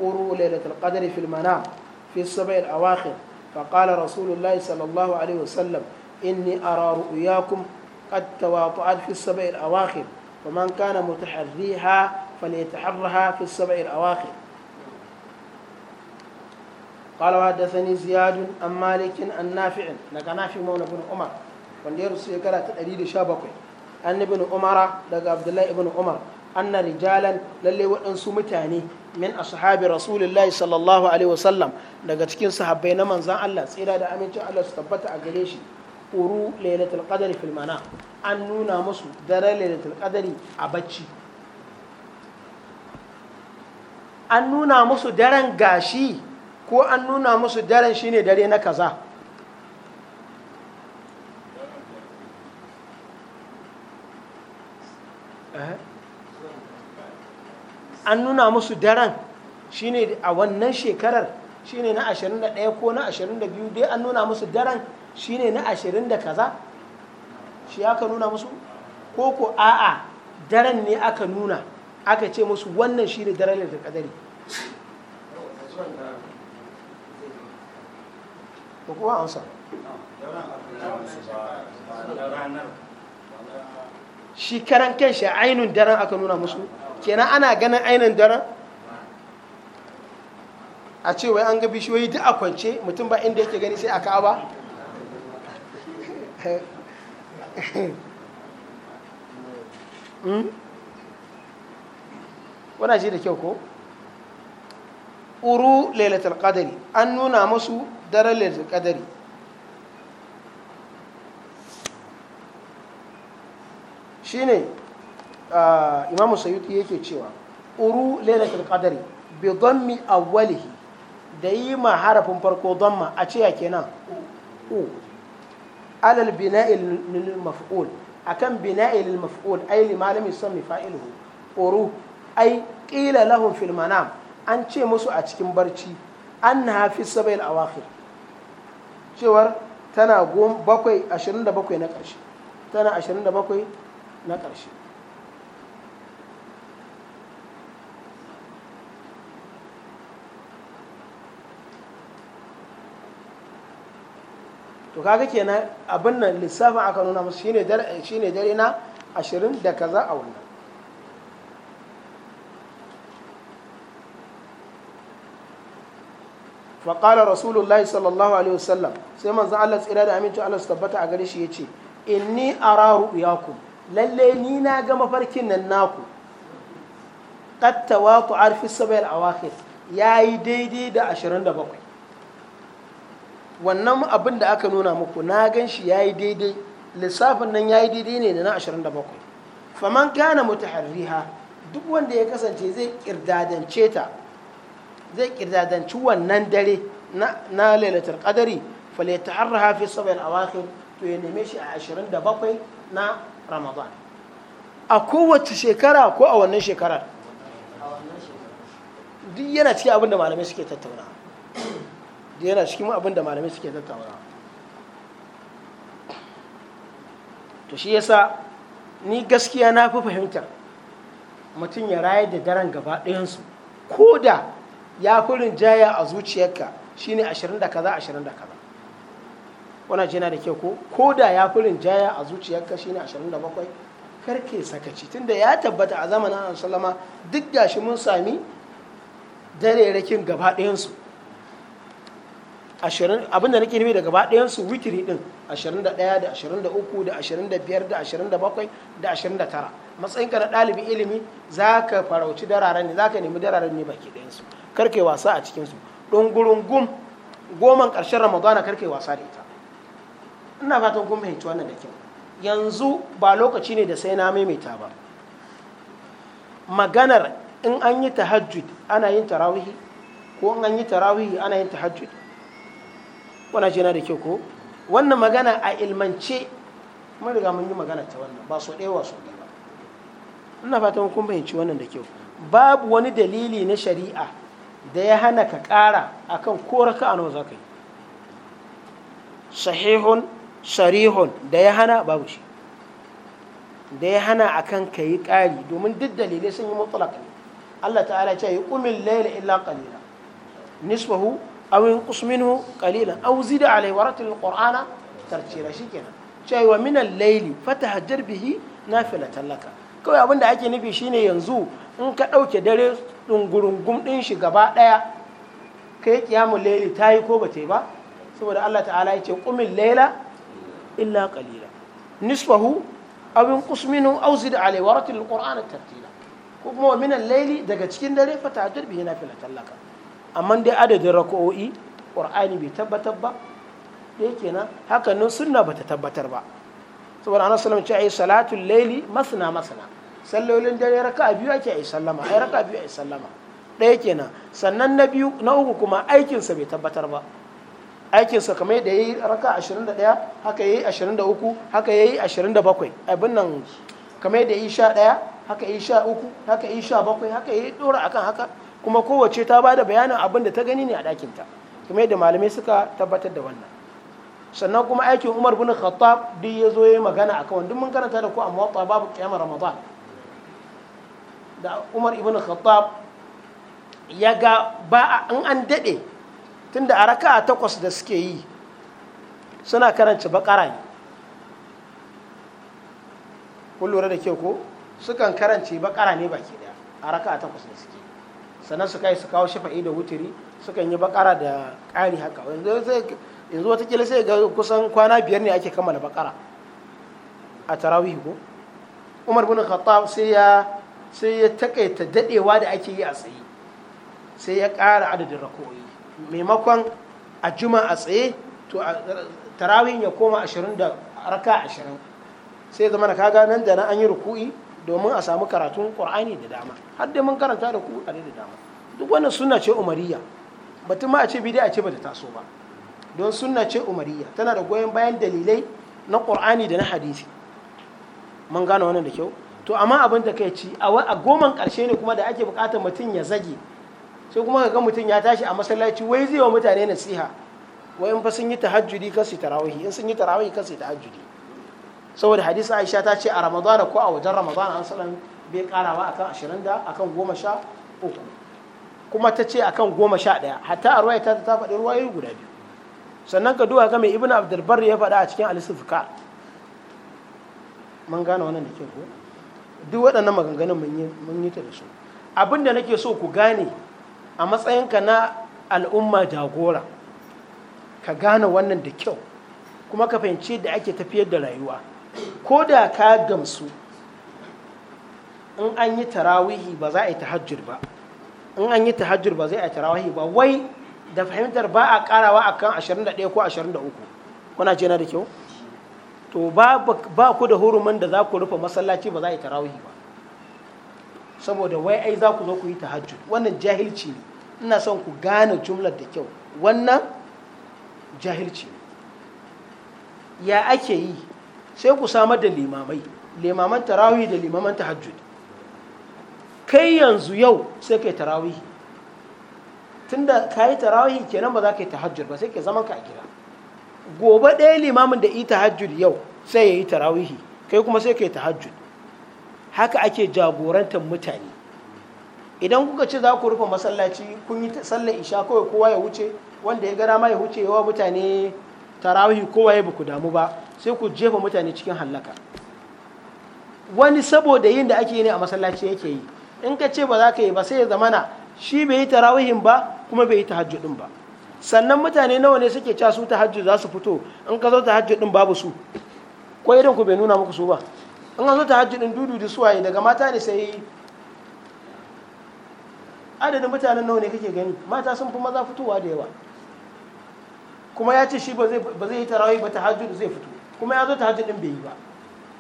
أروا ليلة القدر في المنام في السبع الأواخر فقال رسول الله صلى الله عليه وسلم إني أرى رؤياكم قد تواطعت في السبع الأواخر فمن كان متحريها فليتحرها في السبع الأواخر قال وحدثني زياد عن مالك عن نافع لك نافع مولى بن عمر وندير سيكرة تدليل شابكوي أن ابن عمر لك عبد الله بن عمر أن رجالا للي وأنسو متاني من أصحاب رسول الله صلى الله عليه وسلم لك تكين صحابين من زان الله سيرا دا أمين الله ستبت أقليشي uru lailatul qadari fil mana an nuna musu daren lailatul qadari a bacci an nuna musu daren gashi ko an nuna musu daren shine dare na kaza eh? an nuna musu daren shine a wannan shekarar shine na 21 ko na 22 dai an nuna musu daren shine na 20 da kaza shi aka nuna musu ko ko a'a daren ne aka nuna aka ce musu wannan shi ne daren da kadari shi karan amsa shi karan kanshi ainihin daren aka nuna musu kenan ana ganin ainihin daren a ce wai an ga bishiyoyi duk a kwance mutum ba inda yake gani sai a ka'aba ba. Hmm? kuna shi da kyau ko uru lailatul qadari an nuna musu daren lailatul qadari shine imamu sayyidi yake cewa uru lailatul qadari bi dhammi awwalihi da yi ma harafin farko dhamma a ce ya kenan u alal bina'il lil maf'ul akan bina'il lil maf'ul ay malami sanni fa'iluhu uru ai ƙila lahun filmana an ce musu a cikin barci an na hafi sabail awakhir cewar tana bakwai ashirin da bakwai na ƙarshe tana ashirin da bakwai na ƙarshe to kaga kenan abin nan lissafin aka nuna musu shine dare na ashirin da kaza a wannan wa rasulullahi sallallahu alaihi wasallam sai manzo Allah tsira da aminci Allah su tabbata a gare shi yace inni arahu ku lalle ni na ga mafarkin nan naku qad ku arfi sabil ya yayi daidai da bakwai wannan abin da aka nuna muku na gan shi yayi daidai lissafin nan yayi daidai ne da na 27 faman kana mutaharriha duk wanda ya kasance zai kirdadance ta zai kirdadanci wannan dare na lailatul qadari falyataharraha fi sab'il awakhir to ya neme shi a 27 na ramadan a kowace shekara ko a wannan shekarar duk yana cikin abin da malamai suke tattauna duk yana cikin abin da malamai suke tattauna to shi yasa ni gaskiya na fi fahimtar mutum ya raye da daren gaba ɗayansu ko da ya fi rinjaya a zuciyarka shine ashirin da kaza ashirin da kaza wana jina da kyau ko ko da ya fi rinjaya a zuciyarka shine bakwai karke sakaci tunda ya tabbata a zamanin an sallama duk gashi mun sami darerakin gaba ɗayansu abin da nake nemi da gaba ɗayansu witiri ɗin 21 da 23 da 25 da 27 da 29 matsayinka na ɗalibin ilimi za ka farauci dararen ne za ka nemi dararen ne baki ɗayansu karke wasa a cikinsu don gurin gum goman ƙarshen ramadana karke wasa da ita ina fatan kun fahimci wannan da kyau yanzu ba lokaci ne da sai na maimaita ba maganar in an yi tahajjud ana yin tarawihi ko in an yi tarawihi ana yin tahajjud wannan ce na da kyau ko wannan magana a ilmance mun riga mun yi magana ta wannan ba so ɗaya so ɗaya ba ina fatan kun fahimci wannan da kyau babu wani dalili na shari'a da ya hana ka ƙara akan koraka raka'a nawa za ka yi sahihun sharihun da ya hana babu shi da ya hana akan ka yi ƙari domin duk dalilai sun yi mutlaq ne Allah ta'ala ce yi qumil laila illa qalila nisfahu awin yanqus minhu qalilan aw zid alayhi qur'ana ratil qur'ana tartila ce wa min al-layli fatahajjar bihi nafilatan laka kawai abinda ake nufi shine yanzu in ka ɗauke dare ɗungurungum ɗin shi gaba ɗaya kai kiyamu laili ta yi ko ba ta yi ba saboda Allah ta'ala ya ce ƙumin laila illa ƙalila nisfahu abin kusminu auzi da alaiwaratin alƙur'anin tartila ko kuma minan laili daga cikin dare fata turbi yana fila tallaka amma dai adadin rako'o'i ƙur'ani bai tabbatar ba ɗaya kenan hakanin sunna bata tabbatar ba saboda annabi sallallahu alaihi wasallam ce laili masna masna sallolin dare raka biyu ake yi sallama ai raka biyu yi sallama ɗaya kenan sannan na biyu na uku kuma aikinsa bai tabbatar ba aikinsa kamar yadda ya yi raka 21 haka ya yi 23 haka ya yi 27 abin nan kamar yadda ya yi 11 haka ya yi 13 haka ya yi 17 haka ya yi ɗora akan haka kuma kowace ta ba da bayanin abin da ta gani ne a ɗakinta kamar yadda malamai suka tabbatar da wannan sannan kuma aikin umar bin khattab duk ya zo ya yi magana akan duk mun karanta da ku a mawata babu kiyamar ramadan da umar ibn khattab ya ga ba a an daɗe tunda a raka a takwas da suke yi suna karanci bakara ne kun lura da ke ko sukan karanci bakara ne baki daya a raka a takwas da suke sannan su kai su kawo shafa'i da wuturi sukan yi bakara da ƙari haka yanzu kila sai ga kusan kwana biyar ne ake kammala bakara a tarawih ko umar bin khattab sai ya sai ya takaita daɗewa da ake yi a tsaye sai ya ƙara adadin rakoyi maimakon a juma a tsaye to tarawin ya koma ashirin da raka ashirin sai zama na kaga nan da nan an yi ruku'i domin a samu karatun ƙwar'ani da dama har dai mun karanta da ku da dama duk wannan suna ce umariya batun ma a ce a ce bata taso ba don suna ce umariya tana da goyon bayan dalilai na ƙwar'ani da na hadisi mun gane wannan da kyau to amma abin da kai ci a goman ƙarshe ne kuma da ake buƙatar mutum ya zage sai kuma ga mutum ya tashi a masallaci wai zai wa mutane nasiha wai in fa sun yi tahajjudi kan su tarawihi in sun yi tarawihi kan su tahajjudi saboda hadisi Aisha ta ce a Ramadana ko a wajen Ramadana an salan bai karawa akan 20 da akan 13 kuma ta ce akan 11 hatta a ruwaya ta ta faɗi ruwayoyi guda biyu sannan ka duba ga mai Ibn Abdul Barri ya faɗa a cikin Al-Sufkar mun gane wannan da ke ko duk waɗannan maganganun mun yi ta da su abin da nake so ku gane a matsayinka na al'umma jagora ka gane wannan da kyau kuma ka fahimci da ake tafiyar da rayuwa ko da ka gamsu in an yi tarawihi ba za a yi tahajjur ba in an yi tahajjur ba zai a yi tarawihi ba wai da fahimtar ba a karawa akan 21 ko 23 kuna jena da kyau to ba ku da huruman da za ku rufe masallaci ba za a yi tarawihi ba saboda wai ai za ku zo ku yi tahajjud wannan jahilci ne ina son ku gane jumlar da kyau wannan jahilci ne ya ake yi sai ku samar da limamai limaman tarawihi da limaman tahajjud kai yanzu yau sai kai tarawihi tunda ka yi tarawihi kenan ba za ka yi tahajjud ba sai ka zaman ka a gida gobe ɗaya limamin da ita hajjud yau sai ya yi tarawihi kai kuma sai ka yi tahajjud haka ake jagorantar mutane idan kuka ce za ku rufe masallaci kun yi sallar isha kawai kowa ya wuce wanda ya gara ma ya wuce yawa mutane tarawihi kowa ya ku damu ba sai ku jefa mutane cikin hallaka wani saboda yin da ake yi ne a masallaci yake yi in ka ce ba za ka yi ba sai ya zamana shi bai yi tarawihin ba kuma bai yi tahajjudin ba sannan mutane nawa ne suke ca su tahajjud za su fito in ka zo tahajjud din babu su ko idan ku bai nuna muku su ba in ka zo tahajjud din dudu da suwaye daga mata ne sai adadin mutanen nawa ne kake gani mata sun fi maza fitowa da yawa kuma ya ce shi ba zai yi tarawih ba tahajjud zai fito kuma ya zo tahajjud din bai yi ba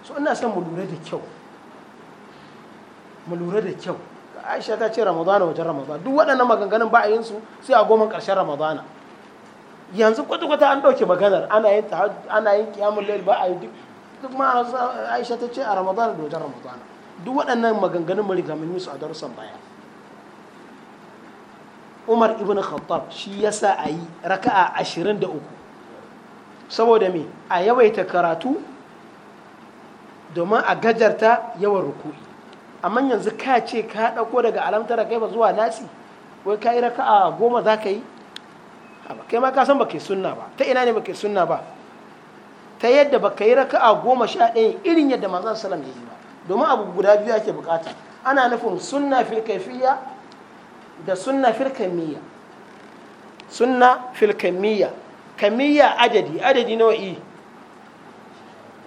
so ina son mu lura da kyau mu lura da kyau aisha ta ce ramadana wajen ramadana duk waɗannan maganganun ba a yin su sai a goma ƙarshen ramadana yanzu kwata-kwata an ɗauke maganar ana yin ana yin kiyamun lail ba a yi duk duk ma aisha ta ce a ramadana da wajen ramadana duk waɗannan maganganun mun riga mun yi su a darussan baya umar ibn khattab shi ya sa a yi raka'a ashirin da uku saboda me a yawaita karatu domin a gajarta yawan ruku'i amma yanzu ka ce ka ɗauko daga alamtar kai ba zuwa nasi wai ka yi a goma za ka yi kai ma ka san baka yi sunna ba ta ina ne baka yi sunna ba ta yadda baka yi raka'a goma sha ɗaya irin yadda manzon sallam ya yi ba domin abu guda biyu ake bukata ana nufin sunna fil kayfiyya da sunna fil kamiyya sunna fil kamiyya kamiyya adadi adadi nawa'i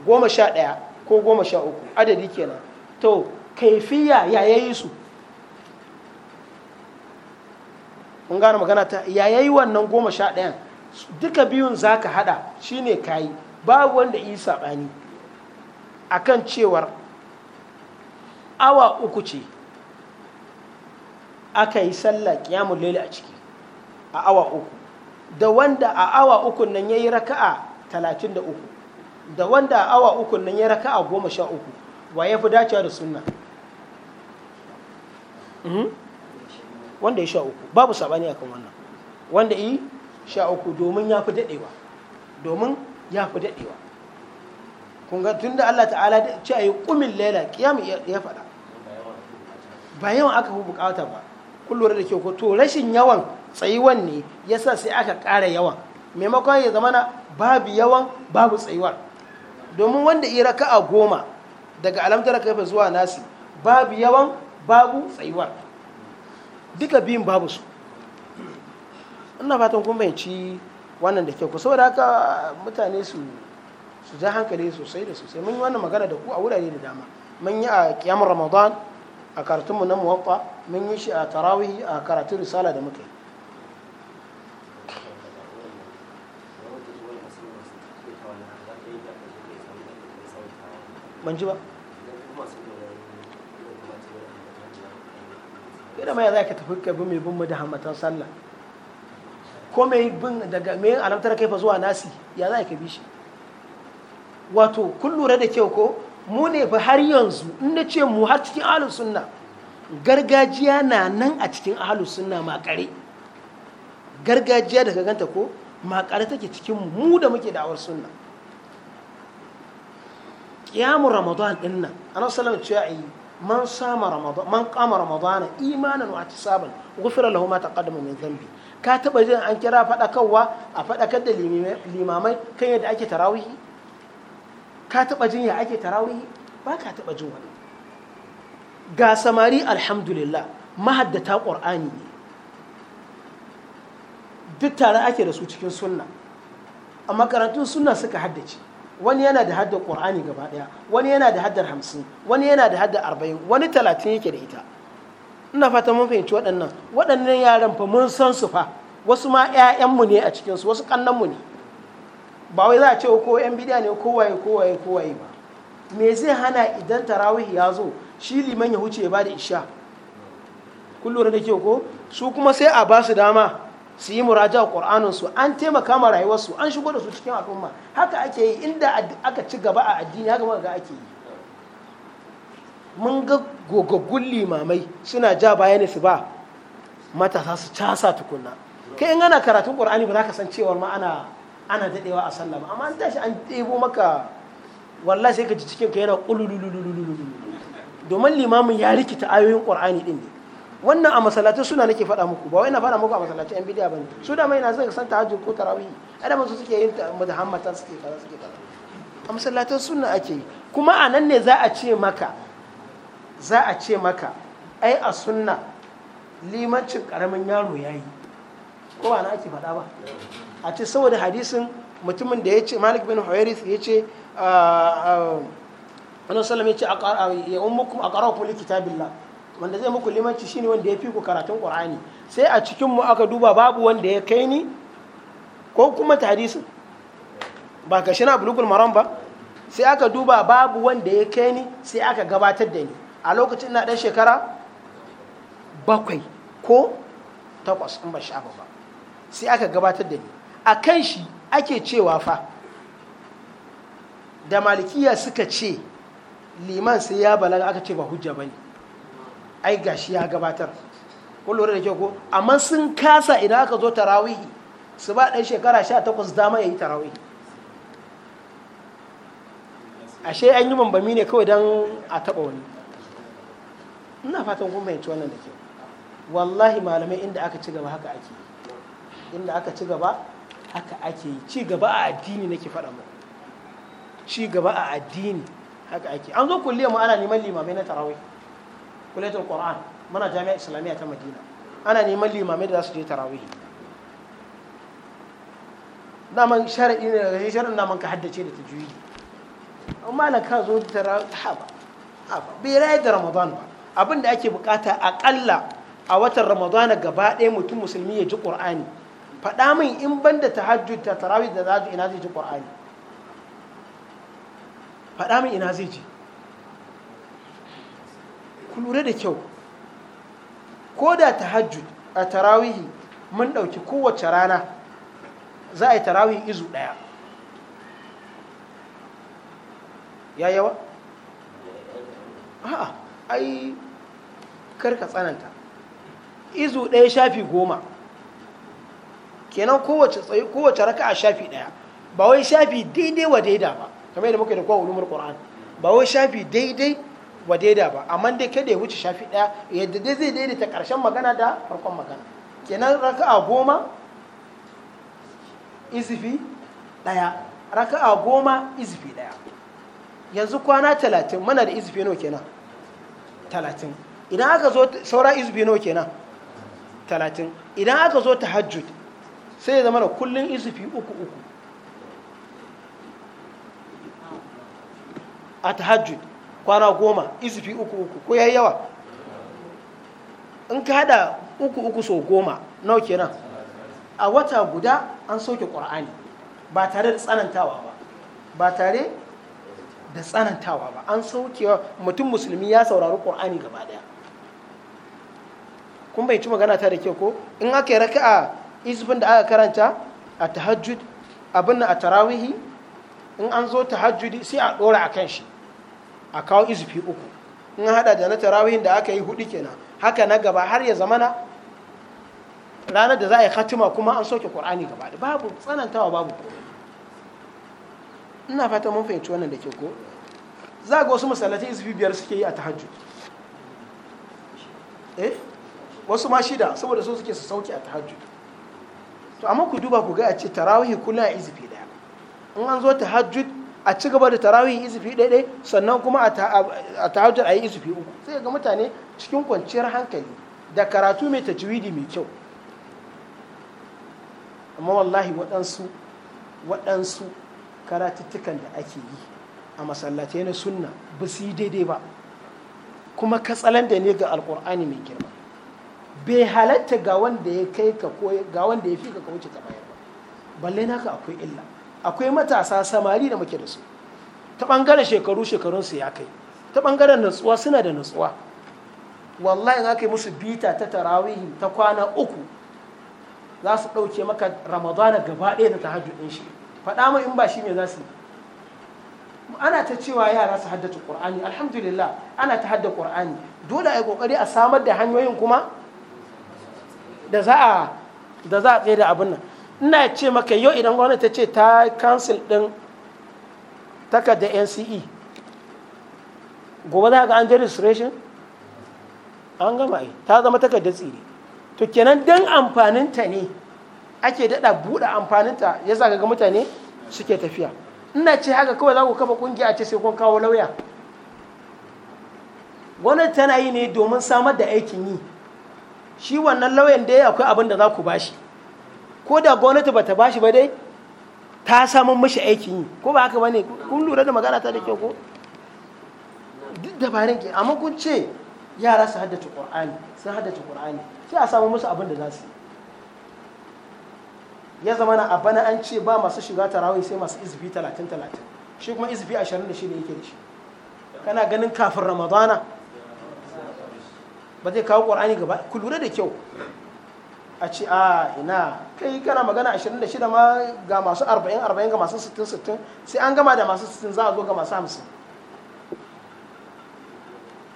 goma sha ɗaya ko goma sha uku adadi kenan to kaifiya ya yayi su mun gane magana ta ya yayi wannan goma sha ɗayan duka biyun za ka haɗa shine kayi babu wanda yi saɓani akan cewar awa uku ce aka yi sallah ƙiyamun lele a ciki a awa uku da wanda a awa uku nan ya yi raka'a talatin da uku da wanda a awa uku nan ya raka'a goma sha uku wa ya fi dacewa da sunna Mhm. wanda ya sha uku babu sabani akan wannan wanda yi sha uku domin ya fi daɗewa domin ya fi daɗewa kunga tun da Allah ta'ala da ce a yi ƙumin laila ƙiyamu ya faɗa ba yawan aka fi bukata ba kullum da kyau ko to rashin yawan tsayuwan ne ya sa sai aka ƙara yawan maimakon ya zamana babu yawan babu tsayuwar domin wanda iya raka'a goma daga alamtar kafa zuwa nasi babu yawan babu tsayuwar duka biyun babu su ina fatan kun yanci wannan da kyau kusa saboda haka mutane su su ja hankali sosai da sosai mun yi wannan magana da ku a wurare da dama mun yi a kiyamar ramadan a karatunmu na muwaffa mun yi shi a tarawihi a karatun risala da muka yi kai da mai za ka tafi ka bi mai bin mu da hamatan sallah ko mai bin daga mai alamtar kaifa zuwa nasi ya za ka bi shi wato kun lura da kyau ko mu ne fa har yanzu in na ce mu har cikin ahlus sunna gargajiya na nan a cikin ahlus sunna makare gargajiya daga ganta ko makare take cikin mu da muke da'awar sunna kiyamun ramadan din nan annabi sallallahu man sama ramadan man ramadana imanan wa ihtisaban ghufira lahu ma taqaddama min dhanbi ka taba jin an kira fadakarwa a fadakar da limamai kan yadda ake tarawihi ka taba jin ya ake tarawihi ba ka taba jin wani ga samari alhamdulillah mahaddata qur'ani ne duk tare ake da su cikin sunna a makarantun sunna suka haddace wani yana da haddar ƙur'ani gaba ɗaya wani yana da haddar hamsin wani yana da haddar arba'in wani talatin yake da ita ina fata mun fahimci waɗannan waɗannan yaran fa mun san su fa wasu ma mu ne a cikinsu wasu mu ne ba wai za a ce ko ƴan bidiya ne kowaye kowaye kowaye ba me zai hana idan tarawih ya zo shi liman ya huce ya bada isha kullum da ke ko su kuma sai a ba su dama su yi muraja a su an taimaka ma rayuwarsu an shigo da su cikin al'umma haka ake yi inda aka ci gaba a addini haka maka ga ake yi mun ga gogaggun limamai suna ja baya ne su ba matasa su casa tukunna kai in ana karatun ƙur'ani ba za ka san cewar ma ana daɗewa a sallah amma an tashi an ɗebo maka wallahi sai ka ji cikin ka yana ƙululululululu domin limamin ya rikita ayoyin qur'ani ɗin ne wannan a masallatai suna nake faɗa muku ba wai na faɗa muku a masallatai yan bidiya bane su da mai na zai san tahajjud ko tarawih adam su suke yin mudahammatan suke kaza suke kaza a masallatai sunna ake yi kuma a nan ne za a ce maka za a ce maka ai a sunna limancin karamin yaro yayi ko ba na ake faɗa ba a ce saboda hadisin mutumin da ya ce malik bin huwairith ya ce ah, ah, annabi sallallahu ya ce ya ummukum aqra'ukum likitabillah wanda zai muku limanci shine wanda ya fi ku karatun qur'ani sai a cikinmu aka duba babu wanda ya kai ni ko kuma tarisin ba ka shi na bulugul ba sai aka duba babu wanda ya kai ni sai aka gabatar da ni a lokacin na ɗan shekara bakwai ko takwas in ba shafa ba sai aka gabatar da ni a kan shi ake cewa fa da malikiya suka ce liman sai ya balaga aka ce ba hujja ba ne ai shi ya gabatar kun lura da kyau ko amma sun kasa idan aka zo tarawihi su ba ɗan shekara sha takwas dama ya yi tarawihi ashe an yi bambami ne kawai don a taɓa wani ina fatan kun fahimci wannan da kyau wallahi malamai inda aka ci gaba haka ake inda aka ci gaba haka ake yi ci gaba a addini nake faɗa mu ci gaba a addini haka ake an zo kulliyar mu ana neman limamai na tarawih kuletul qur'an muna jami'a islamiyya ta madina ana neman limamai da za su je tarawih daman shari'i ne daga shari'in daman ka haddace da tajwidi amma na ka zo da haba haba bai raye da ramadan ba abin da ake bukata aƙalla a watan ramadana gaba ɗaya mutum musulmi ya ji qur'ani faɗa min in ban da tahajjud ta tarawih da za ina zai ji qur'ani faɗa min ina zai ji ku lura da kyau ko da tahajjud a tarawihi mun ɗauki kowace rana za a yi tarawihi izu ɗaya ya yawa? a'a ai karka tsananta izu ɗaya shafi goma kenan kowace raka a shafi ɗaya ba wai shafi daidai wa daida ba kamar yadda muka yi da kowa ulumar ƙoran ba wai shafi daidai wa daida ba amma dai kada ya wuce shafi ɗaya yadda dai zai daidaita ƙarshen magana da farkon magana kenan raka'a goma izifi ɗaya raka'a goma izifi ɗaya yanzu kwana talatin mana da izifi nawa kenan talatin idan aka zo saura izifi nawa kenan talatin idan aka zo ta tahajjud sai ya zama da kullum izifi uku uku a tahajjud kwana goma izifi uku uku ko ya yawa in ka hada uku uku so goma nawa kenan a wata guda an sauke ƙwar'ani ba tare da tsanantawa ba ba tare da tsanantawa ba an sauke mutum musulmi ya saurari ƙwar'ani gaba daya kun bai ci magana ta da ke ko in aka yi a izifin da aka karanta a tahajjud abin a tarawihi in an zo tahajjudi sai a ɗora a kan shi a kawo izufi uku in hada da na tarawihin da aka yi hudu kenan haka na gaba har ya zamana ranar da za a yi khatima kuma an soke qur'ani gaba da babu tsanantawa babu ina fata mun fahimci wannan da ke ko za ga wasu masallatai izufi biyar suke yi a tahajjud eh wasu ma shida saboda so suke su sauke a tahajjud to amma ku duba ku ga a ce tarawihi kullum a izufi daya in an zo tahajjud a ci gaba da tarawih izufi ɗaiɗai sannan kuma a tahajjar a yi izufi uku sai ga mutane cikin kwanciyar hankali da karatu mai tajwidi mai kyau amma wallahi waɗansu waɗansu karatuttukan da ake yi a masallatai na sunna ba su yi daidai ba kuma katsalan da ne ga alkur'ani mai girma bai halatta ga wanda ya kai ka ko ga wanda ya fi ka wuce ta bayar ba balle naka akwai illa akwai matasa samari da muke da su ta ɓangaren shekaru su ya kai ta ɓangaren natsuwa suna da natsuwa wallahi in aka yi musu bita ta tarawihi ta kwana uku za su ɗauke maka ramadana gaba ɗaya da tahajjud ɗin shi faɗa mu in ba shi ne za su yi ana ta cewa yara su haddata qur'ani alhamdulillah ana ta haddata qur'ani dole a yi ƙoƙari a samar da hanyoyin kuma da za a da za a tsaye da abin nan ina ce maka yau idan gwamnati ta ce ta kansil din takarda nce gobe za ga an je registration an gama yi ta zama takardar tsiri to kenan don amfaninta ne ake daɗa buɗe amfaninta ya sa ga mutane suke tafiya ina ce haka kawai za ku kafa ƙungiya a ce sai kun kawo lauya gwamnati tana yi ne domin samar da aikin yi shi wannan lauyan da akwai abin da za ku bashi ko da gwamnati ba ta bashi ba dai ta samun mashi aikin yi ko ba haka ba ne kun lura da magana ta da kyau ko duk dabarun ke amma kun ce yara su haddace qur'ani sun haddace qur'ani sai a samu musu abin da za su ya zama na abana an ce ba masu shiga tarawih sai masu izbi 30 30 shi kuma izbi 26 ne yake da shi kana ganin kafin ramadana ba zai kawo qur'ani gaba ku lura da kyau a ce a ah, ina kai kana magana 26 ma ga masu 40 40 ga masu 60 60 sai an gama da masu 60 za a zo ga masu 50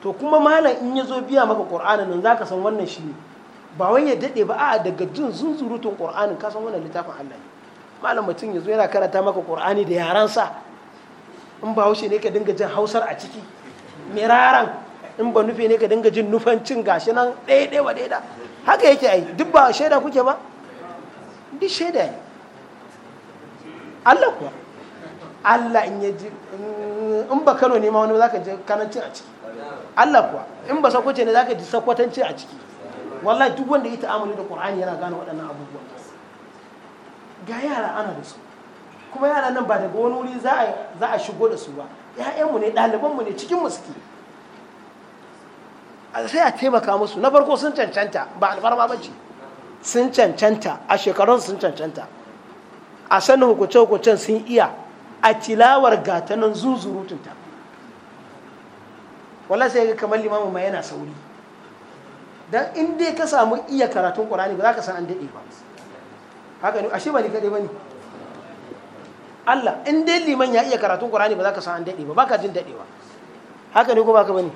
to kuma malam in ya zo biya maka qur'anin nan ka san wannan shi ne ba wani ya dade ba a daga jin zunzurutun qur'anin ka san wannan littafin Allah ne malam mutum ya zo yana karanta maka ƙor'ani da yaran sa in ba haushe ne ka dinga jin hausar a ciki miraran in ba nufe ne ka dinga jin nufancin gashi nan ɗaya ɗaya wa ɗaya haka yake ai duk ba shaida kuke ba duk shaida ne Allah kuwa Allah in ya ji in ba Kano ne ma wani zaka ji kanancin a ciki Allah kuwa in ba sakwace ne zaka ji sakwatanci a ciki wallahi duk wanda ya ta'amuli da Qur'ani yana gane waɗannan abubuwa ga yara ana da su kuma yara nan ba daga wani wuri za a shigo da su ba 'ya'yanmu ne ɗalibanmu ne cikin mu suke sai a taimaka musu na farko sun cancanta ba alfarma ba ce sun cancanta a shekarun sun cancanta a sanin hukuce-hukucen sun iya a tilawar gatanin zuzurutunta wala sai ga kamar limamu ma yana sauri don in dai ka samu iya karatun qur'ani ba za ka san an daɗe ba haka ne ashe ba ni kaɗai ba ne Allah in dai liman ya iya karatun qur'ani ba za ka san an daɗe ba ba ka jin daɗewa haka ne ko ba ka ba ne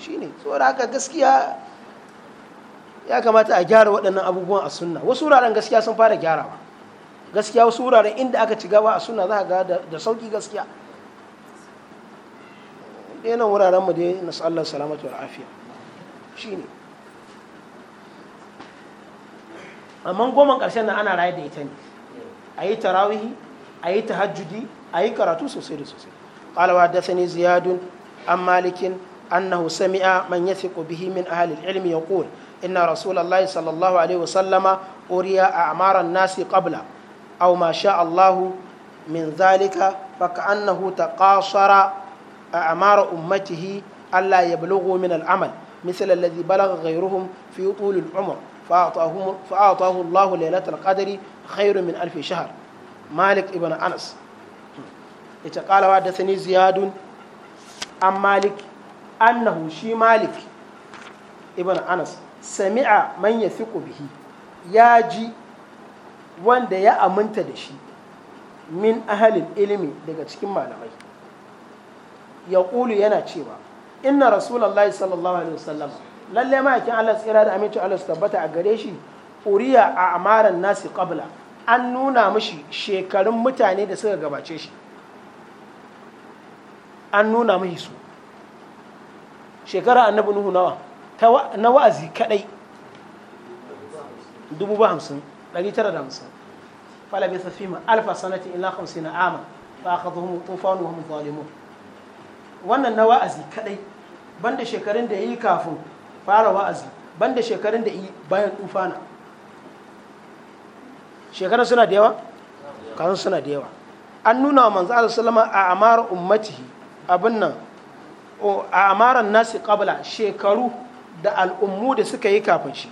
shi ne haka gaskiya ya kamata a gyara waɗannan abubuwan a sunna wasu wuraren gaskiya sun fara gyarawa gaskiya wasu wuraren inda aka ci gaba a sunna za ga da sauki gaskiya ɗaya wuraren mu dai nasu Allah salamatu wa shi ne amma goma ƙarshen nan ana raye da ita ne a yi tarawihi a yi tahajjudi a yi karatu sosai da sosai da sani ziyadun an malikin. أنه سمع من يثق به من أهل العلم يقول إن رسول الله صلى الله عليه وسلم أري أعمار الناس قبله أو ما شاء الله من ذلك فكأنه تقاصر أعمار أمته ألا يبلغوا من العمل مثل الذي بلغ غيرهم في طول العمر فأعطاه, فأعطاه الله ليلة القدر خير من ألف شهر مالك ابن أنس قال وحدثني زياد عن مالك annahu shi malik ibn anas sami'a man ya bihi ya ji wanda ya aminta da shi min ahalin ilimi daga cikin malamai ya ƙulu yana cewa inna rasulallah sallallahu alaihi wasallam lallai ma'aikin allah tsira da amincin allah tabbata a gare shi uriya a amaran nasi qabla an nuna mishi shekarun mutane da suka gabace shi an nuna mishi su shekara annabi nuhu nawa na wa'azi kadai dubu ba hamsin ɗari tara da hamsin fala bi safima alfa sanatin illa hamsin na ama fa aka zuhu tufanu wa zalimun wannan na wa'azi kadai banda shekarun da yi kafin fara wa'azi banda shekarun da yi bayan tufana shekarun suna da yawa kazan suna da yawa an nuna wa manzo Allah sallama a amara ummatihi abin nan a amaran nasi qabla shekaru da al'ummu da suka yi kafin shi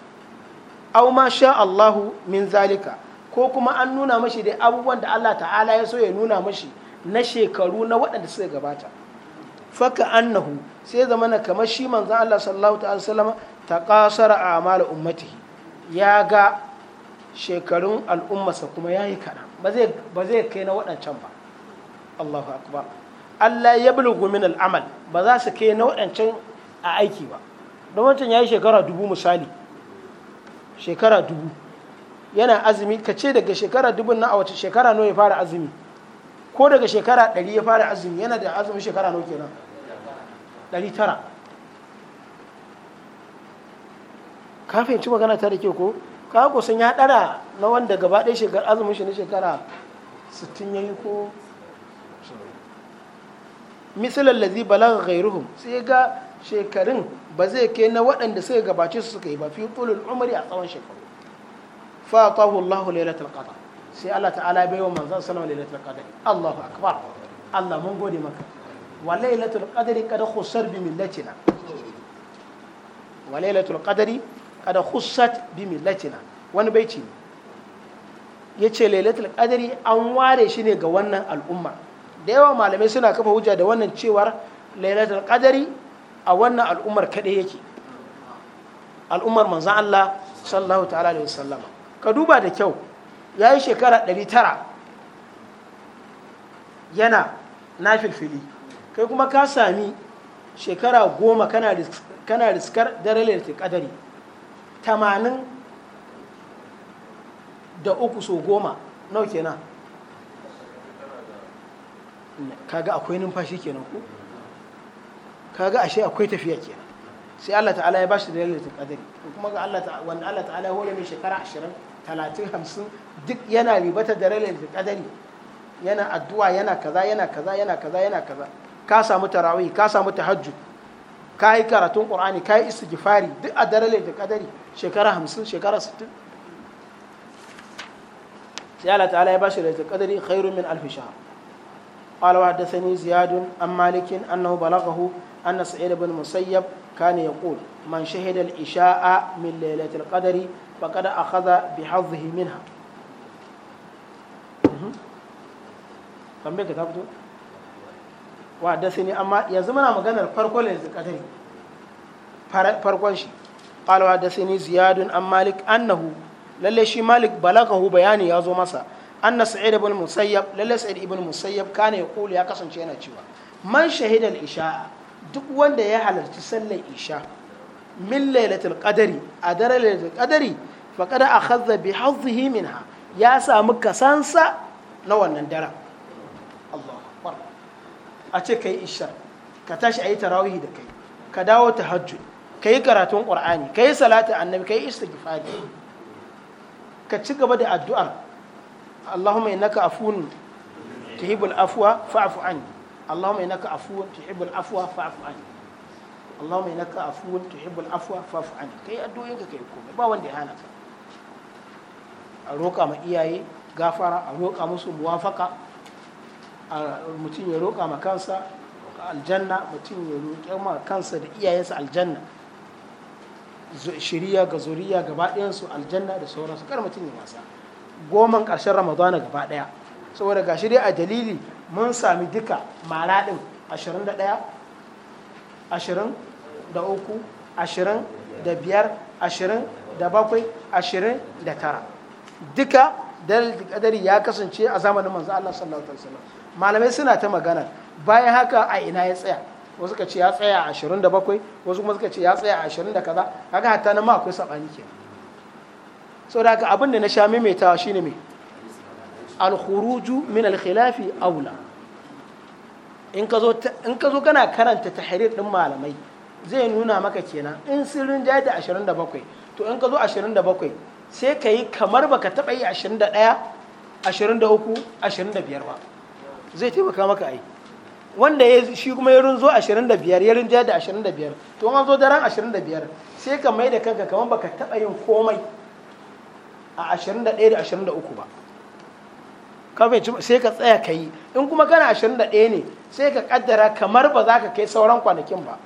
au ma sha Allahu min zalika ko kuma an nuna mashi da abubuwan da Allah ta'ala ya so ya nuna mashi na shekaru na waɗanda suka gabata faka annahu sai zama na kamar shi manzon Allah sallallahu ta'ala sallama ta kasara a ummatihi ya ga shekarun al'ummarsa kuma ya yi kaɗan ba zai kai na waɗancan ba Allahu akbar Allah ya bulugu min al'amal ba za su kai nau'ancin a aiki ba don wancan ya yi shekara dubu misali shekara dubu yana azumi ka ce daga shekara dubu na a wace shekara nawa ya fara azumi ko daga shekara ɗari ya fara azumi yana da azumin shekara nawa kenan ɗari tara ka fahimci magana ta da ke ko ka ko sun ya ɗara na wanda gaba ɗaya azumin shi na shekara sittin ya yi ko misalan lazi balagha ghairuhum sai ga shekarun ba zai kai na waɗanda suka gabace su suka yi ba fi tulul umri a tsawon shekaru fa atahu Allahu lailatul qadr sai Allah ta'ala bai wa manzon sallallahu alaihi lailatul qadr Allahu akbar Allah mun gode maka wa lailatul qadri qad khussar bi millatina wa lailatul qadri qad khussat bi millatina wani baiti ne yace lailatul qadri an ware shi ne ga wannan al'umma da yawa malamai suna kafa hujja da wannan cewar lailatul qadari a wannan al'ummar kaɗai yake al'ummar manzan Allah sallallahu ta'ala alaihi wasallam ka duba da kyau ya yi shekara 900 yana na filfili kai kuma ka sami shekara goma kana riskar dare lailatul qadari 80 da uku so goma nau kenan kaga akwai numfashi kenan ko kaga ashe akwai tafiya kenan sai Allah ta'ala ya bashi da lailatul qadari kuma ga Allah ta'ala wanda Allah ta'ala hore mai shekara 20 30 50 duk yana ribata da lailatul qadari yana addu'a yana kaza yana kaza yana kaza yana kaza ka samu tarawih ka samu tahajjud ka yi karatun qur'ani ka yi istighfari duk a daren lailatul qadari shekara 50 shekara 60 sai Allah ta'ala ya bashi lailatul qadari khairun min alf shahr قال وحدثني زياد عن مالك أنه بلغه أن سعيد بن مسيب كان يقول من شهد العشاء من ليلة القدر فقد أخذ بحظه منها tambayar ka ta fito wa da ne yanzu muna maganar farkon shi qala wa da ne ziyadun an malik annahu shi malik bayani ya zo masa anna sa'id ibn musayyab lalle sa'id ibn musayyab kana yaqulu ya kasance yana cewa man shahida al-isha duk wanda ya halarci sallar isha min lailatul qadari a daren lailatul qadari faqad akhadha bi hazzihi minha ya samu kasansa na wannan daren Allah a ce kai isha ka tashi ayi tarawih da kai ka dawo ka yi karatun ka yi salatu annabi kai istighfari ka ci gaba da addu'ar اللهم إنك عفو تحب العفو فاعف عني اللهم إنك عفو تحب العفو فاعف عني اللهم إنك عفو تحب العفو فاعف عني كي أدوينك كي يكون با وندي هانك أروك أما إياي غفر أروك أمس موافقة mutum ya roƙa ma kansa aljanna mutum ya roƙa ma kansa da iyayensa aljanna shiriya ga zuriya gaba ɗayansu aljanna da sauransu kar mutum ya wasa goman ƙarshen ramadana gaba ɗaya saboda ga shirya a dalili mun sami duka mara ɗin 21 23 duka dalil kadari ya kasance a zamanin manzo Allah sallallahu alaihi wasallam malamai suna ta magana bayan haka a ina ya tsaya wasu ka ce ya tsaya a 27 wasu kuma suka ce ya tsaya a 20 da kaza haka hatta na ma akwai sabani kenan sau da ka abin da na sha maimaitawa shine mai alkhuruju min alkhilafi aula in ka zo kana karanta tahrir din malamai zai nuna maka kenan in sirrin jaya da 27 to in ka zo 27 sai ka yi kamar baka taɓa yi 21 23 25 ba zai taimaka maka ai wanda ya shi kuma ya runzo 25 ya rinja da 25 to an zo daren 25 sai ka mai da kanka kamar baka taɓa yin komai a 21 da 23 ba kafin sai ka tsaya ka yi in kuma kana 21 ne sai ka kaddara kamar ba za ka kai sauran kwanakin ba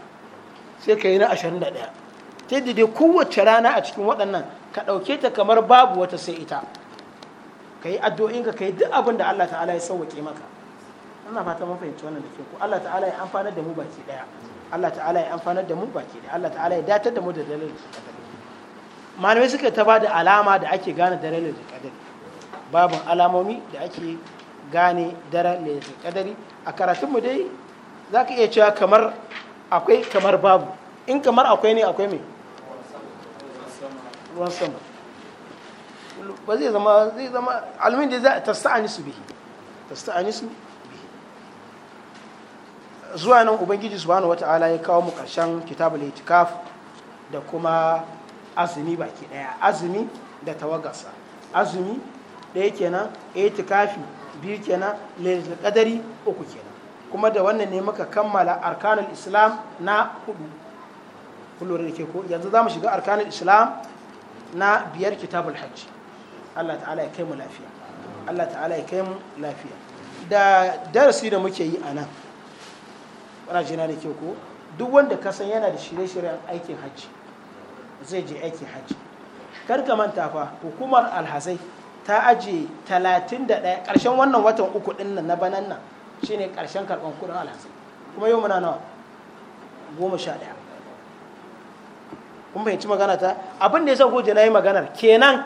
sai ka yi na 21 ta yi dai kowace rana a cikin waɗannan ka ɗauke ta kamar babu wata sai ita ka yi addu'o'inka ka yi duk abin da Allah ta'ala ya sauwaƙe maka ina fata mun fahimci wannan da ke ku Allah ta'ala ya amfanar da mu baki ɗaya Allah ta'ala ya amfanar da mu baki ɗaya Allah ta'ala ya datar da mu da dalilin malamai suka ta ba da alama da ake gane daren lailatul qadari babin alamomi da ake gane daren lailatul qadari a karatunmu dai za ka iya cewa kamar akwai kamar babu in kamar akwai ne akwai mai ruwan sama ba zai zama zai zama almin da za ta sta'ani su bihi ta sta'ani su bihi zuwa nan ubangiji subhanahu wata'ala ya kawo mu karshen kitabul itikaf da kuma azumi baki daya azumi da tawagarsa azumi daya kenan itikafi biyu kenan lailatul qadari uku kenan kuma da wannan ne muka kammala arkanul islam na hudu kullum da ke ko yanzu za mu shiga arkanul islam na biyar kitabul hajji Allah ta'ala ya kai mu lafiya Allah ta'ala ya kai mu lafiya da darasi da muke yi a nan jina da ke ko duk wanda ka yana da shirye-shiryen aikin hajji zai je aiki hajji karka manta fa hukumar alhazai ta aje 31 karshen wannan watan uku din nan na banan nan shine karshen karban kudin alhazai kuma yau muna nawa goma sha ɗaya kun magana ta abin da ya sa goje na yi maganar kenan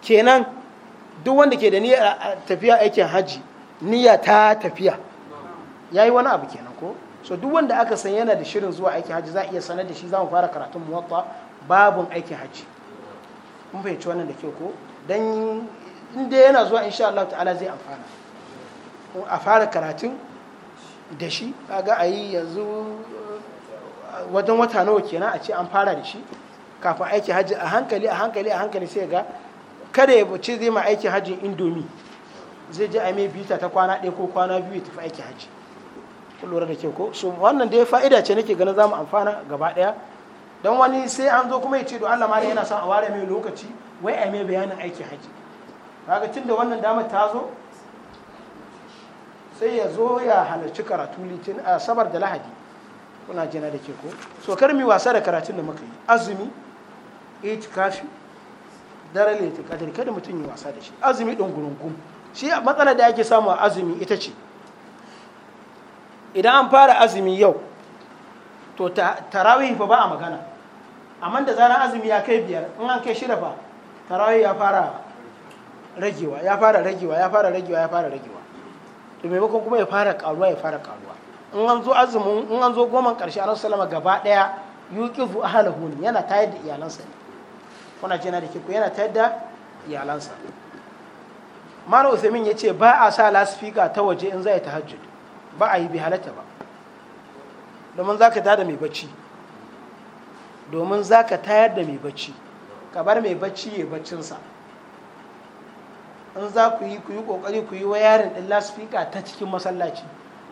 kenan duk wanda ke da niyyar tafiya aikin hajji niyya ta tafiya ya yi wani abu kenan ko so duk wanda aka san yana da shirin zuwa aikin hajji za a iya sanar da shi za mu fara karatun muwatta babun aikin hajji mun fahimci wannan da ke ko dan inda yana zuwa insha Allah ta'ala zai amfana a fara karatun da shi kaga a yi yanzu uh, wajen wata nawa kenan a ce an fara da shi kafin aikin hajji a hankali a hankali a hankali sai ga kada ya ce zai ma aikin hajjin indomi zai je a mai bita ta kwana ɗaya ko kwana biyu ya tafi aikin hajji lura da ke ko so wannan dai fa'ida ce nake ganin zamu amfana gaba daya don wani sai an zo kuma ya ce do Allah ma yana son a ware mai lokaci wai a mai bayanin aikin haji kaga tunda wannan damar ta zo sai ya zo ya halarci karatu litin a sabar da lahadi kuna jina da ke ko so kar mi wasa da karatun da muka yi azumi itikafi dare litin kadir kada mutum yi wasa da shi azumi din gurungum shi matsalar da ake samu a azumi ita ce idan an fara azumi yau to tarawih fa ba a magana amma da zaran azumi ya kai biyar in an kai shida fa tarawih ya fara ragewa ya fara ragewa ya fara ragewa ya fara ragewa to maimakon kuma ya fara karuwa ya fara karuwa in an zo azumin in an zo goma karshe a sallama gaba daya yuqifu ahlahu yana tayar da iyalansa ne kuna jina da kiku yana tayar da iyalansa malam usaimin ya ce ba a sa lasfika ta waje in zai tahajjud ba a yi bi halatta ba domin za ka da mai bacci domin za ka tayar da mai bacci ka bar mai bacci ya baccinsa in za ku yi ku yi ƙoƙari ku yi wa yaron ɗin lasfika ta cikin masallaci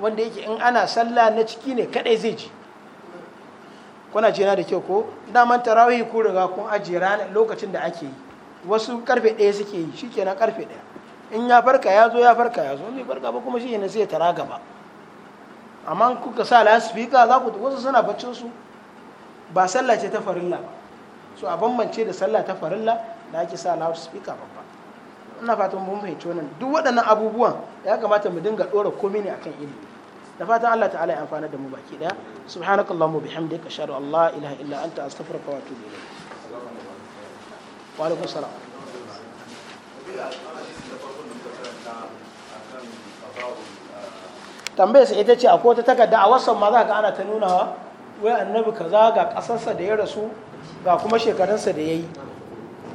wanda yake in ana sallah na ciki ne kadai zai ji kuna jina da kyau ko daman tarawih ku riga kun ajiye ranar lokacin da ake yi wasu karfe ɗaya suke yi shi kenan karfe ɗaya in ya farka ya zo ya farka ya zo farka ba kuma shi ne sai ya tara gaba amma kuka sa la lasifika za ku wasu suna baccin su ba sallah ce ta farilla ba so a bambance da sallah ta farilla da ake sa la lasifika babba ina fatan mun fahimci wannan duk waɗannan abubuwan ya kamata mu dinga ɗora komai ne akan ilimi da fatan Allah ta'ala ya amfana da mu baki daya subhanakallahumma bihamdika ashhadu an la ilaha illa anta astaghfiruka wa atubu ilayk wa alaikum salam Thank you. tambayar sa ita ce a kota takarda a wasan ma za ka ana ta nunawa wai annabi kaza ga kasarsa da ya rasu ga kuma shekarunsa da ya yi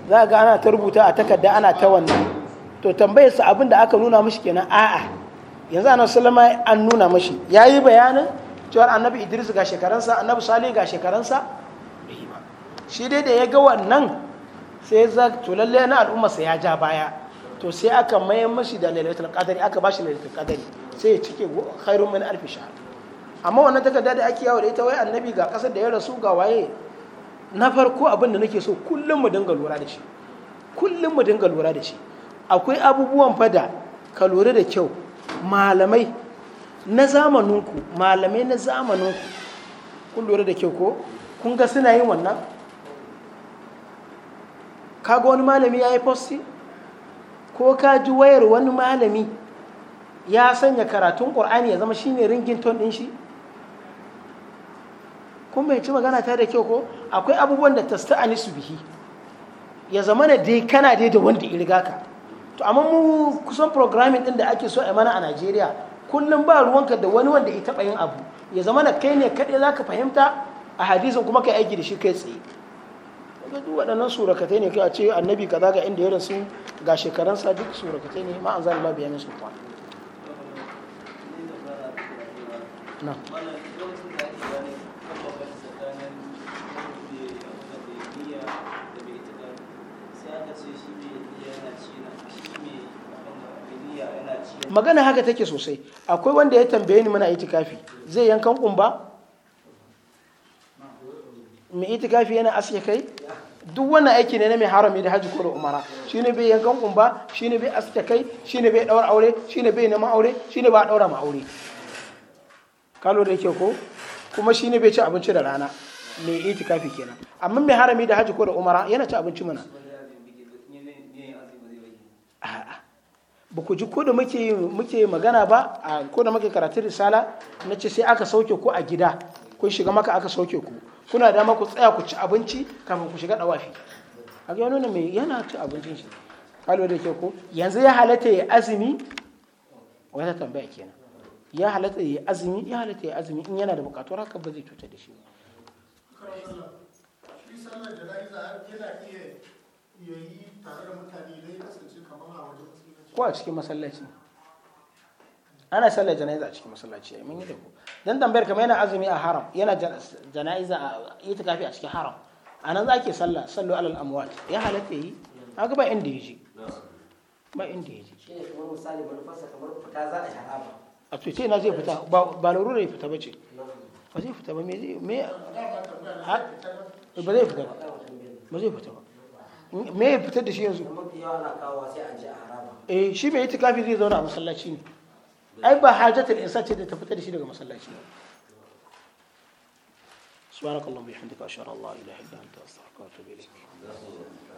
za ga ana ta rubuta a takarda ana ta wannan to tambayar sa abin da aka nuna mashi kenan a'a yanzu annabi sallama an nuna mashi yi bayanin cewar annabi Idris ga shekarunsa annabi Salih ga shekarunsa shi dai da ya ga wannan sai za to lalle na al'umma ya ja baya to sai aka mayar mashi da lailatul qadari aka bashi lailatul qadari sai ya cike khairun min alfi sha amma wannan takarda da ake yawo da ita wai annabi ga kasar da ya rasu ga waye na farko abin da nake so kullum mu dinga lura da shi kullum mu dinga lura da shi akwai abubuwan fada ka lura da kyau malamai na zamaninku malamai na zamaninku kun lura da kyau ko kun ga suna yin wannan kaga wani malami ya yi fosti ko ka ji wayar wani malami ya sanya karatun ƙur'ani ya zama shine ton ɗin shi kun ci magana ta da kyau ko akwai abubuwan da tasta'ani su bihi ya zama na dai kana dai da wanda ya riga ka to amma mu kusan programming ɗin da ake so a mana a Najeriya kullum ba ruwanka da wani wanda ya taɓa yin abu ya zama na kai ne kaɗai za ka fahimta a hadisin kuma kai aiki da shi kai tsaye ga duk waɗannan surakatai ne kai a ce annabi kaza ga inda ya rasu ga shekaransa duk surakatai ne ma zalima biya min sultan magana haka take sosai akwai wanda ya tambaye ni mana itikafi zai yankan kumba mai itikafi yana aske kai duk wannan aiki ne na mai harami da hajji ko umara, shi ne bai yankan kumba ne bai aske kai shi ne bai daura aure shi ne bai neman aure shi ne ba daura ma aure ka lura da ke ko kuma shi ne bai ci abinci da rana mai itikafi kenan amma mai harami da hajji ko da umara yana ci abinci mana ba ku ji ko da muke magana ba a ko da muke karatun risala na ce sai aka sauke ku a gida kun shiga maka aka sauke ku kuna dama ku tsaya ku ci abinci kafin ku shiga dawafi a ga nuna mai yana ci abincin shi kalo da ke ku yanzu ya halatta ya azumi wata tambaya kenan ya halatta ya azumi ya halatta ya azumi in yana da bukatu haka ba zai cutar da shi ba ko a cikin masallaci ana sallar jana'iza a cikin masallaci mun yi da ku dan tambayar kamar yana azumi a haram yana jana'iza a kafi a cikin haram a nan za ke sallah sallu alal amwal ya halatta yi haka ba inda ya je ba inda ya je shi ne kamar misali fasa kamar fita za a haraba أنا أنا أنا أنا أنا أنا أنا أنا أنا أنا أنا أنا أنا أنا أنا أقول أقول أقول أقول أقول أقول أقول أقول أقول أقول أقول أقول أقول أقول أقول لك لك لك لك لك لك لك لك لك لك لك لك لك لك أبتدي نازي فتاة با بالوروري فتاة بتشي نازي فتاة بميزي مي ها بدي فتاة مزي فتاة مي بتدي شيء زو إيه شيء بيجي تكافي ذي ذرة مصلى شين أي بحاجة الإنسان تدي تبتدي شيء لو مصلى شين سبحانك اللهم وبحمدك أشهد أن لا إله إلا أنت أستغفرك وأتوب إليك